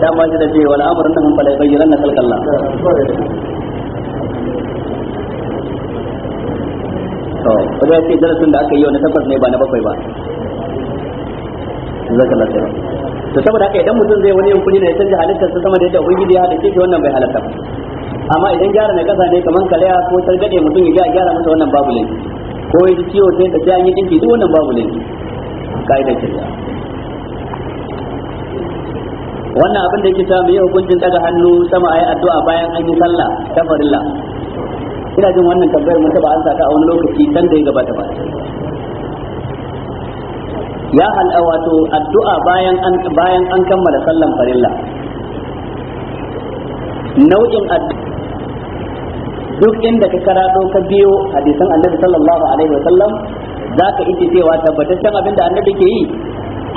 dama shi da ce wala amrun nan bala bayyana na kalkalla to kuma sai darasin da aka yi wani tabbas ne ba na bakwai ba zaka lafiya to saboda haka idan mutum zai wani yankuri ne ya canja halittarsa sama da yadda ubangiji ya halitta shi wannan bai halatta ba amma idan gyara na kasa ne kamar kalaya ko targade mutum ya gyara masa wannan babu laifi ko ya ji ciwo sai ta ji an yi dinki duk wannan babu laifi ka'idar shari'a wannan abin da yake samu yau hukuncin daga hannu sama ayi addu'a bayan an yi sallah ta farilla ina jin wannan tambayar mun taba an saka a wani lokaci dan da ya gabata ba ya hal wato addu'a bayan an bayan an kammala sallan farilla nau'in addu'a duk inda ka karato ka biyo hadisan annabi sallallahu alaihi wasallam zaka iji cewa tabbataccen abin da annabi ke yi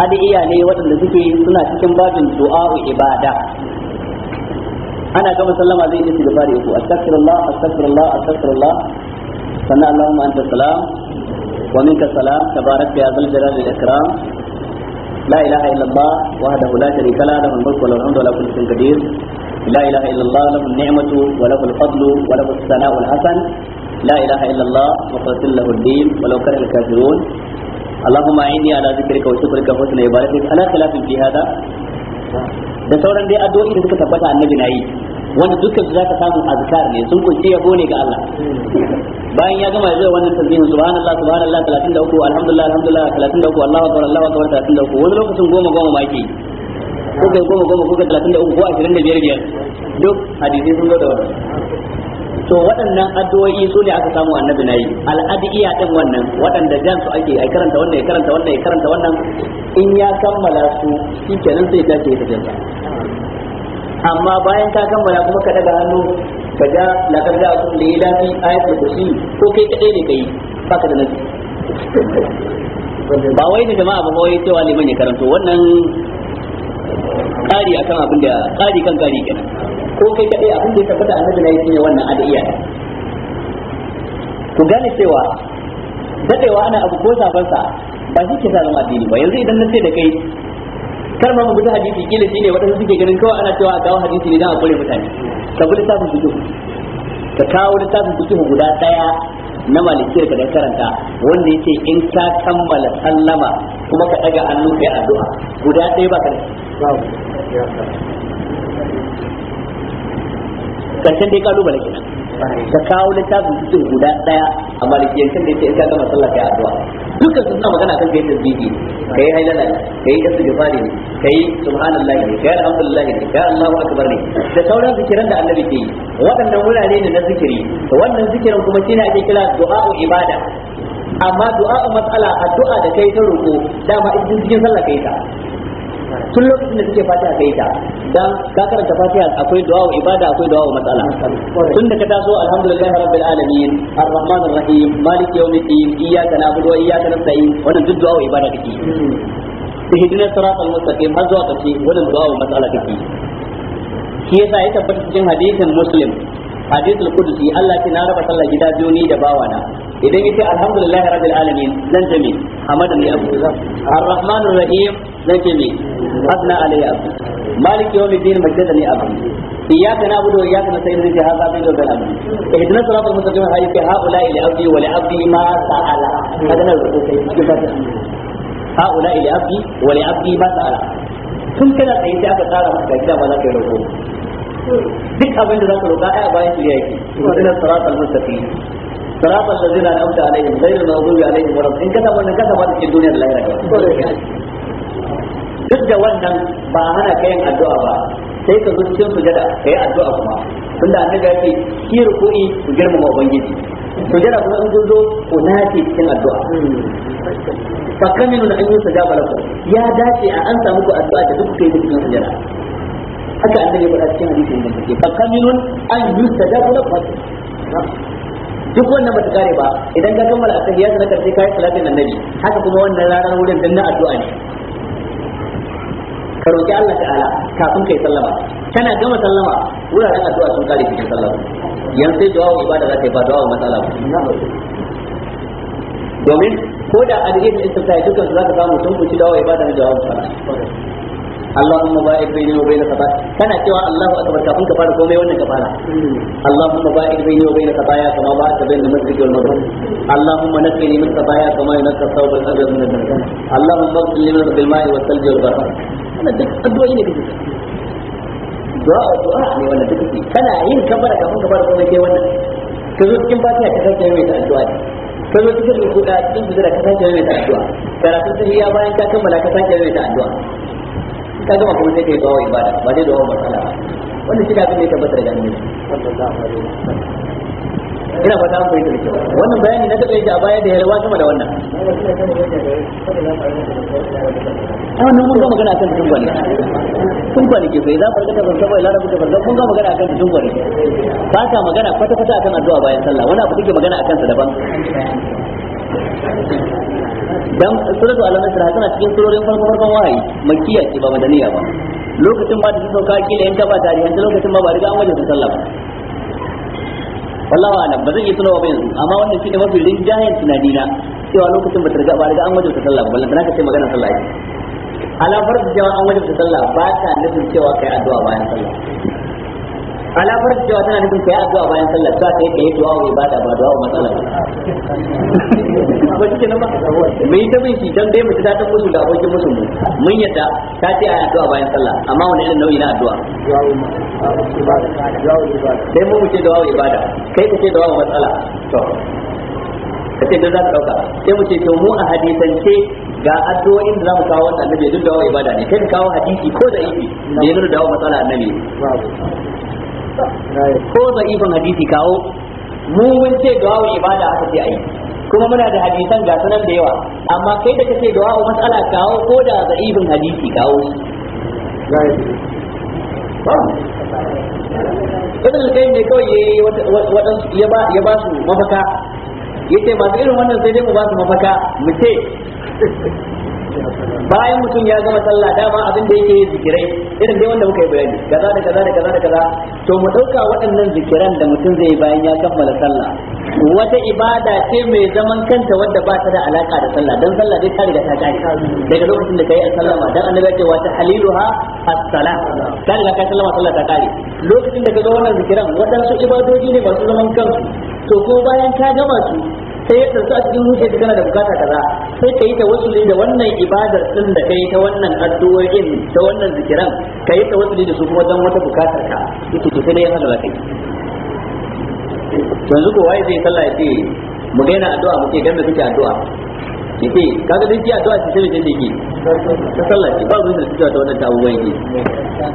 adiya ne waɗanda suke suna cikin babin du'a ibada ana gama sallama zai yi istighfar yako astaghfirullah astaghfirullah astaghfirullah sannan allahumma anta salam wa minka salam tabaraka ya zal jalali wal ikram la ilaha illallah wahdahu la sharika lahu lahu al mulku wa lahu al hamdu wa la kulli shay'in qadir لا إله إلا الله له النعمة وله الفضل وله الثناء الحسن لا إله إلا الله مخلص له الدين ولو كره الكافرون اللهم أعني على ذكرك وشكرك وحسن عبادتك خلاف في هذا da sauran dai addu'o'i da suka tabbata annabi wanda dukkan su zaka samu azkar ne sun kunshi yabo ne ga Allah bayan ya gama zai wannan tasbihin subhanallah subhanallah 33 alhamdulillah alhamdulillah 33 Allahu akbar Allahu akbar 33 wani lokacin goma goma ko kai goma goma ko kai talatin da uku ko ashirin da biyar biyar duk hadisi sun zo da wannan to waɗannan addu'o'i su ne aka samu annabi na yi al'adiyya ɗin wannan waɗanda jan su ake ai karanta wannan ya karanta wannan ya karanta wannan in ya kammala su kenan sai ta ce ta jinsa amma bayan ka kammala kuma ka daga hannu ka ga da ka ga kun da ilafi ayatul kursi ko kai kaɗai ne kai ka da nabi ba wai da jama'a ba wai cewa liman ya karanto wannan kan abin da kari kan kari kenan ko kai kadai abin da ya tabbata annabi na yake shine wannan adiya ku gane cewa dadewa ana abu ko sabon sa ba shi ke zama addini ba yanzu idan na ce da kai kar ma mu bi hadisi kila shine wadanda suke ganin kawai ana cewa a kawo hadisi ne dan a kore mutane ka bi tafin fito ka kawo tafin fito guda daya na malikiyar ka da karanta wanda yake in ka kammala sallama kuma ka daga hannu kai addu'a guda ɗaya ba ka san dai kalubale kenan ta kawo littafin cikin guda daya a malikiyancin da yake in ka gama sallah kai addu'a dukkan sun suna magana kan kai tasbihi kai yi kai istighfari ne kai subhanallahi ne kai alhamdulillahi ne kai allahu akbar ne da sauran zikiran da annabi ke yi waɗannan wurare ne na zikiri Da wannan zikirin kuma shine ake kira du'a'u ibada amma du'a'u mas'ala addu'a da kai ta roƙo dama idan cikin sallah kai ta tun lokacin da kake fatiha kai ta dan ka karanta fatiha akwai du'a wa ibada akwai du'a wa matsala tun da ka taso alhamdulillah rabbil alamin arrahman arrahim malik yawmiddin iyyaka na'budu wa iyyaka nasta'in wannan duk du'a wa ibada kake ihdina siratal mustaqim har zuwa kace wannan du'a wa matsala kake shi yasa ya tabbata cikin hadisin muslim hadithul qudsi Allah ce na raba sallah gida biyu ni da bawana idan yace alhamdulillahi rabbil alamin zan ce me hamadan li abu arrahmanur rahim zan ce me asna alayya abu malik إياك نعبد وإياك نستعين في هذا بين وبين الأمر اهدنا الصراط المستقيم هذه هؤلاء لعبدي ولعبدي ما سأل هؤلاء لعبدي ولعبدي ما سأل tun kana tsaye aka tsara maka gida duk abin da zaka roƙa ai bayan shirya yake al siratal mustaqim siratal ladzina an'amta alaihim ghayril maghdubi alaihim walad in kasa in kasa ba cikin duniya da lahira duk da wannan ba hana ka yin addu'a ba sai ka zuciyar sujada ka yi addu'a kuma tunda annabi yake ki ruku'i ku girmama ubangiji sujada kuma in kun zo ku nace cikin addu'a fa kaminu an yi sajaba lakum ya dace a an samu ku addu'a da duk kai cikin sujada haka annabi ya faɗa cikin hadisin da take fa kaminun an da lahu duk wannan ta kare ba idan ka kammala atahiyat na ka kai salatin annabi haka kuma wannan ranar wurin dan na addu'a ne ka roki Allah ta'ala kafin kai sallama kana gama sallama wuraren addu'a sun kare cikin sallama yanzu sai du'a ibada za ka yi ba du'a matsala domin ko da addu'a istifta dukkan su za ka samu sun kuci du'a ibada na du'a matsala Allahumma ba'id baini wa baina khata kana cewa Allahu akbar kafin ka fara komai wannan ka fara Allahumma ba'id baini wa baina khataaya kama ba'adta baina al-masjid wal maghrib Allahumma naqqini min khataaya kama yunqqa ath-thawb al-abyad min ad-dukhان Allahumma ighfir li min bil ma'i wal thalji wal barad kana duk addu'a ne kake du'a du'a ne wannan duk kake kana yin kabara kafin ka fara komai ke wannan ka zo cikin fatiha ka sake mai addu'a ka zo cikin a cikin bidda ka sake mai addu'a karatun tahiyya bayan ka kammala ka sake mai addu'a ka gama kuma sai kai dawo ibada ba zai dawo matsala wanda shi da abin da ya tabbata daga annabi ina fata an fahimta da kyau wannan bayani na kaɗai da baya da yalwa sama da wannan a wannan mun ga magana akan tutun kwanaki tun kwanaki bai za farka tafar saboda lara kuka farka kun ga magana kan tutun kwanaki ba ta magana kwata kwata akan addu'a bayan sallah wani abu kake magana akan sa daban dan suratu al-nasr tana cikin surorin farko farkon wahayi makkiya ce ba madaniya ba lokacin ba da su sauka kila in ba tare yanzu lokacin ba ba riga an wajen sallah ba wallahi ana ba zan yi tunawa ba yanzu amma wannan ne mafi rinjayen tunani na cewa lokacin ba ta riga ba riga an wajen sallah ba ballan ka ce magana sallah ala alamar da waje wajen sallah ba ta nufin cewa kai addu'a bayan sallah alamar cewa tana nufin kai addu'a bayan sallah ba sai kai du'a wa ibada ba du'a wa matsala ba shi kenan ba me ta bin shi dan dai mu ta ta musu da abokin musu mu mun yadda ta ce ayi addu'a bayan sallah amma wani irin nau'i na addu'a dai mu ce du'a wa ibada kai ka ce du'a wa matsala to ka ce dan za ka dauka sai mu ce to mu a ce ga addu'o'in da zamu kawo wannan annabi duk wa ibada ne kai ka kawo hadisi ko da yake da wa matsala annabi ko da'ifin hadisi kawo mu mun ce du'a'ul ibada aka ce ayi kuma muna da hadisan ga sanan da yawa amma kai da kace du'a'u matsala kawo ko da da'ifin hadisi kawo ibn da kai ne kawai ya ba ya ba su mafaka ya ce masu irin wannan sai dai mu ba su mafaka mu ce bayan mutum ya gama sallah dama abin da yake zikirai irin dai wanda muka yi bayani gaza da gaza da gaza da gaza. to mu dauka waɗannan zikiran da mutum zai yi bayan ya kammala sallah wata ibada ce mai zaman kanta wadda ba ta da alaka da sallah dan sallah dai ta riga ta kare daga lokacin da kai sallama dan annabi ce wata haliluha as-salah ta riga ka sallama sallah ta kare lokacin da ka zo wannan zikiran waɗansu ibadoji ne masu zaman kansu to ko bayan ka gama su sai ya tsarsu a cikin zuciya ta kana da bukata kaza sai ka yi ta wasu da wannan ibadar din da kai ta wannan addu'o'in ta wannan zikiran ka yi ta wasu da su kuma don wata bukatar ka ita ce sai dai haka za kai yanzu ko waye zai sallah ya ce mu daina addu'a mu ce dan me kuke addu'a yake kaga dai addu'a ce sai da yake ta sallah ce ba zuwa da suke da wannan tawo yake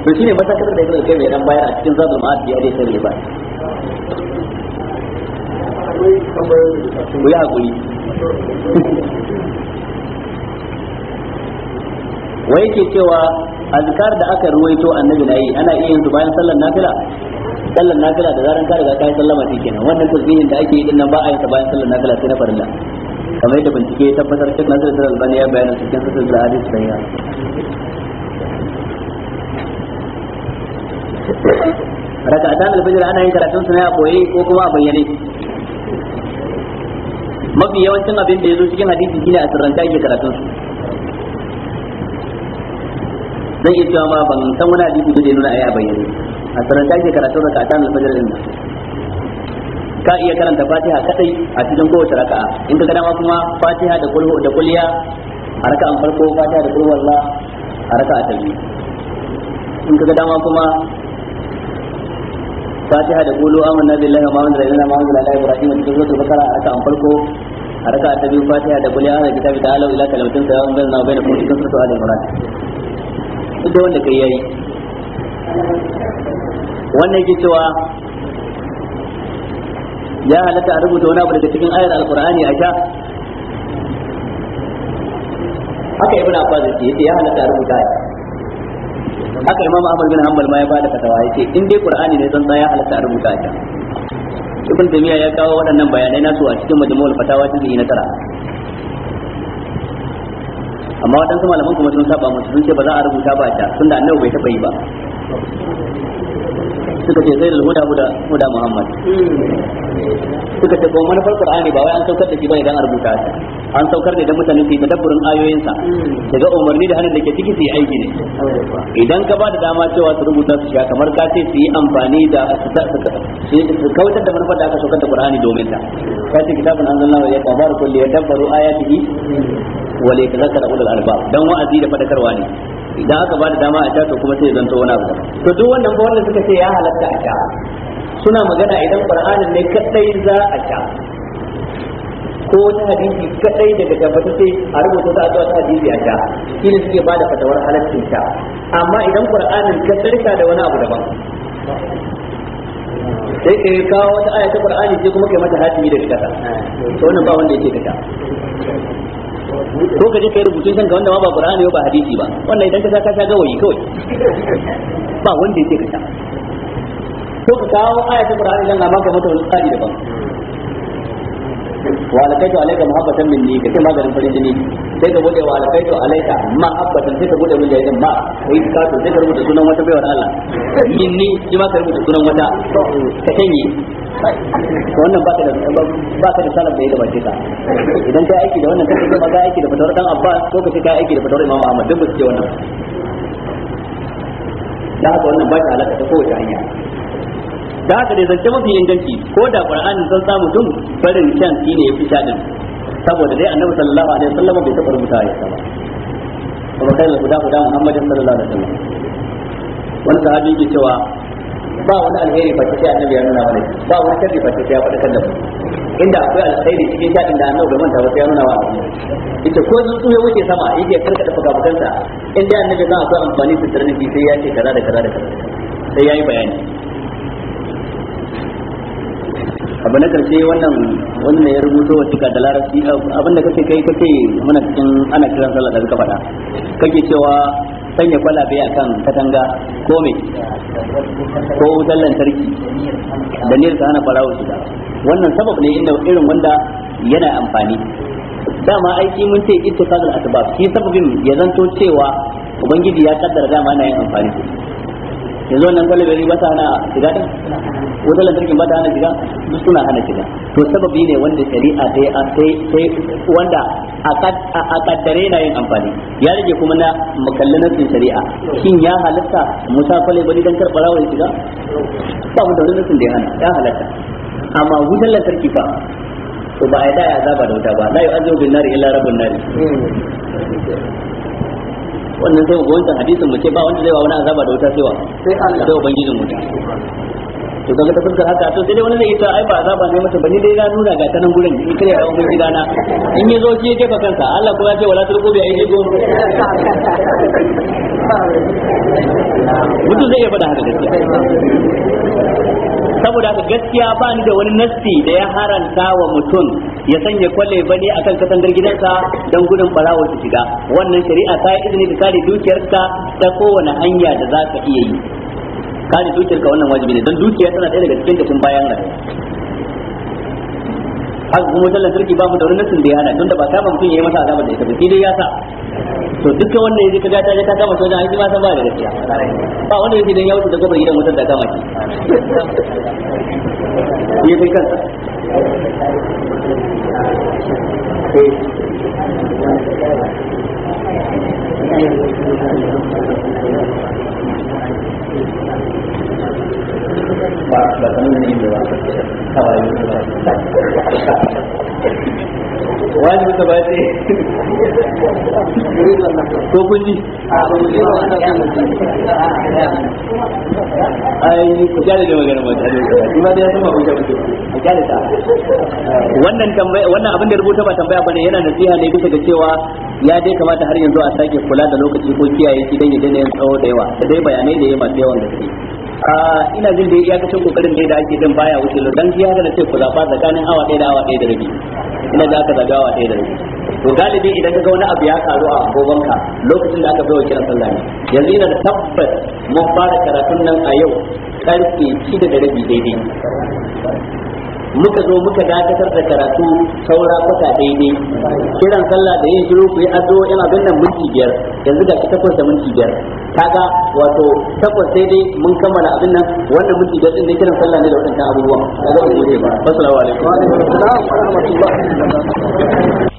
to shine matakar da yake mai dan bayar a cikin zadul da ya dai sai ba ku yi haƙuri wai ke cewa azkar da aka ruwaito annabi na yi ana iya yin su bayan sallar nafila sallar nafila da zaran ka riga ka yi sallama shi kenan wannan tasbihin da ake yi din nan ba a yin sa bayan sallar nafila sai na farilla kamar yadda bincike ya tabbatar cikin nasarar da albani ya bayyana cikin sassan da hadis da ya raka'atan alfajr ana yin karatun sunaya koyi a ko kuma a bayyane mafi yawancin abin da ya zo cikin hadisi shine a sirranta yake karatun su zan iya cewa ma ban san wani hadisi da ya nuna aya bayyane a sirranta yake karatun raka ta alfajar din ka iya karanta fatiha kadai a cikin kowace raka'a in ka dama kuma fatiha da kulhu da kulliya a raka'an farko fatiha da kulhu wallah a raka'a ta biyu in ka dama kuma fatiha da qulu amanna billahi wa ma unzila ilaina ma unzila ila ibrahim cikin suratul bakara a raka'an farko a raka'a ta biyu fatiha da qul ya ahlal kitabi ta'alu ila kalimatin sawaa'in bainana wa bainakum cikin suratul ali imran duk wanda kai yayi wannan yake cewa ya halatta a rubuta wani abu daga cikin ayar alkur'ani a sha haka ibn abbas yake yace ya halatta a rubuta haka imam ahmad bin hanbal ma ya bada fatawa yace in dai qur'ani ne zan tsaya halatta a rubuta ta ibn tamiya ya kawo waɗannan bayanai na nasu a cikin majmu'ul fatawa ta na tara amma waɗansu malaman kuma sun saba musu sun ce ba za a rubuta ba ta tunda annabi bai taɓa yi ba suka ce zai huda huda huda muhammad suka ce kuma manufar qur'ani ba wai an saukar da shi bane dan a rubuta shi an saukar da da mutane su yi tadabburin ayoyinsa daga umarni da hannun da ke ciki su yi aiki ne idan ka ba da dama cewa su rubuta su sha kamar ka ce su yi amfani da su kautar da manufar da aka saukar da qur'ani domin ta ka ce kitabun anzalna wa yaqwa barakul li yadabbaru ayatihi wa li yatadhakkara ulul albab dan wa'azi da fadakarwa ne idan aka ba da dama a sha to kuma sai zanto wani abu to duk wannan ba wanda suka ce ya halatta a sha suna magana idan qur'anin ne kadai za a sha ko wata hadisi kadai daga tabbata sai a rubuta ta zuwa ta hadisi a sha shi ne suke ba da fatawar halaccin sha amma idan qur'anin ka tsarka da wani abu daban sai ka kawo wata aya ta qur'ani sai kuma kai mata hatimi da kasa to wannan ba wanda yake kasa ko ka je kai rubutun kanka wanda ma ba qur'ani ba hadisi ba wannan idan ka sa ka sha gawayi kawai ba wanda yake ka sha ko ka kawo ayatul qur'ani dan ma ka mata wani tsari daban wa alaqaitu alayka mahabbatan minni kace maganin farin jini sai ka bude wa alaqaitu alayka mahabbatan sai ka bude mun jayin ma kai ka to sai ka rubuta sunan wata baiwar Allah minni shi ma ka rubuta sunan wata ka tanye to wannan ka da ka da salaf da yadda bace ka idan kai aiki da wannan kai kuma ka aiki da fatawar dan Abbas ko ce kai aiki da fatawar Imam Ahmad duk ba su ce wannan da haka wannan ba ta alaka ta kowace hanya da haka dai zance mafi inganci ko da qur'ani sun samu tun farin kyan shine yafi shadin saboda dai annabi sallallahu alaihi wasallam bai taɓa rubuta ya sama kuma kai guda guda muhammadin sallallahu alaihi wasallam wani sahabi yake cewa ba wani alheri fa sai annabi ya nuna mana ba wani sharri fa sai ya faɗa kan da inda akwai alheri cikin shadin da annabi bai manta ba sai ya nuna wa ita ko zuzu ya wuce sama yake karka da fuka fukansa inda annabi zan so amfani da tarnabi sai ya ce kaza da kaza da kaza sai yayi bayani abu na karshe wannan wanda ya rubuto wa cika da larabci abin da kake kai kake mana cikin ana kiran sallah da suka faɗa kake cewa sanya kwalabe akan katanga ko me ko wutar lantarki da niyar ta hana farawo shiga wannan sabab ne inda irin wanda yana amfani dama aiki mun ce ita ittifaqul asbab shi sababin ya zanto cewa ubangiji ya kaddara dama na yin amfani yanzu wannan kwalibari ba ta hana shiga da wutar lantarkin ba ta hana shiga duk suna hana shiga to sababi ne wanda shari'a ta sai wanda a kaddare na yin amfani ya rage kuma na makalli nassin shari'a shin ya halatta musa kwalibari don karɓar rawar shiga ba mu da wani nassin da ya hana ya halatta amma wutar lantarki fa to ba a yi da ya zaba da wuta ba na yi bin nari illa rabbun nari wannan sai ga wancan hadisin mu ce ba wanda zai wa wani azaba da wuta sai wa sai Allah sai ubangijin mu to kaga ta fuskar haka to sai dai wani zai ita ai ba azaba ne mata bane dai na nuna ga tanan gurin in kare yawan gurin gidana in ya zo shi ya jefa kansa Allah kuma ya ce wala turqu bi gum mutum zai iya faɗa haka gaskiya saboda haka gaskiya ba ni da wani nasti da ya haranta wa mutum ya sanya kwalle bane akan katangar gidansa don gudun barawa su shiga wannan shari'a ta yi izini ka kare dukiyarka ta kowane hanya da za ka iya yi kare dukiyarka wannan wajibi ne don dukiya tana daya daga cikin kashin bayan rayuwa haka kuma wutar lantarki ba mu da wani nasin da ya hana don da ba kama mutum ya yi masa azabar da ita ba dai ya sa to dukkan wannan yanzu ka ga ta je ta kama sojan aiki ma san ba da gaskiya ba wanda yake dan ya wuce daga gobar gidan wutar da kama shi 你这个？对，把把他们引过来，好。wani ba ce ko kun ji ku kyale da magana da ya san ba kun ku kyale ta wannan tambaya wannan abin da rubuta ba tambaya bane yana nasiha ne bisa ga cewa ya dai kamata har yanzu a sake kula da lokaci ko kiyaye shi dan ya daina yin tsawo da yawa da dai bayanai da yawa masu yawan gaske ina jin da ya kacin kokarin da ake jin baya wuce lo dan ya ga ce ku zaba tsakanin awa ɗaya da awa ɗaya da rabi ina za ka zaga awa ɗaya da rabi to galibi idan ka ga wani abu ya karu a gobanka lokacin da aka bai wa kiran sallah ne yanzu ina da tabbas mun fara karatun nan a yau karfe 6 da rabi daidai muka zo muka dakatar da karatu saura kwata daidai kiran sallah da yin shiru ku yi azo yana ganin minti biyar yanzu ga takwas da minti biyar kaga wato takwas sai dai mun kammala abin nan wannan minti biyar din ne kiran sallah ne da wadannan abubuwa kaga ba ba assalamu alaikum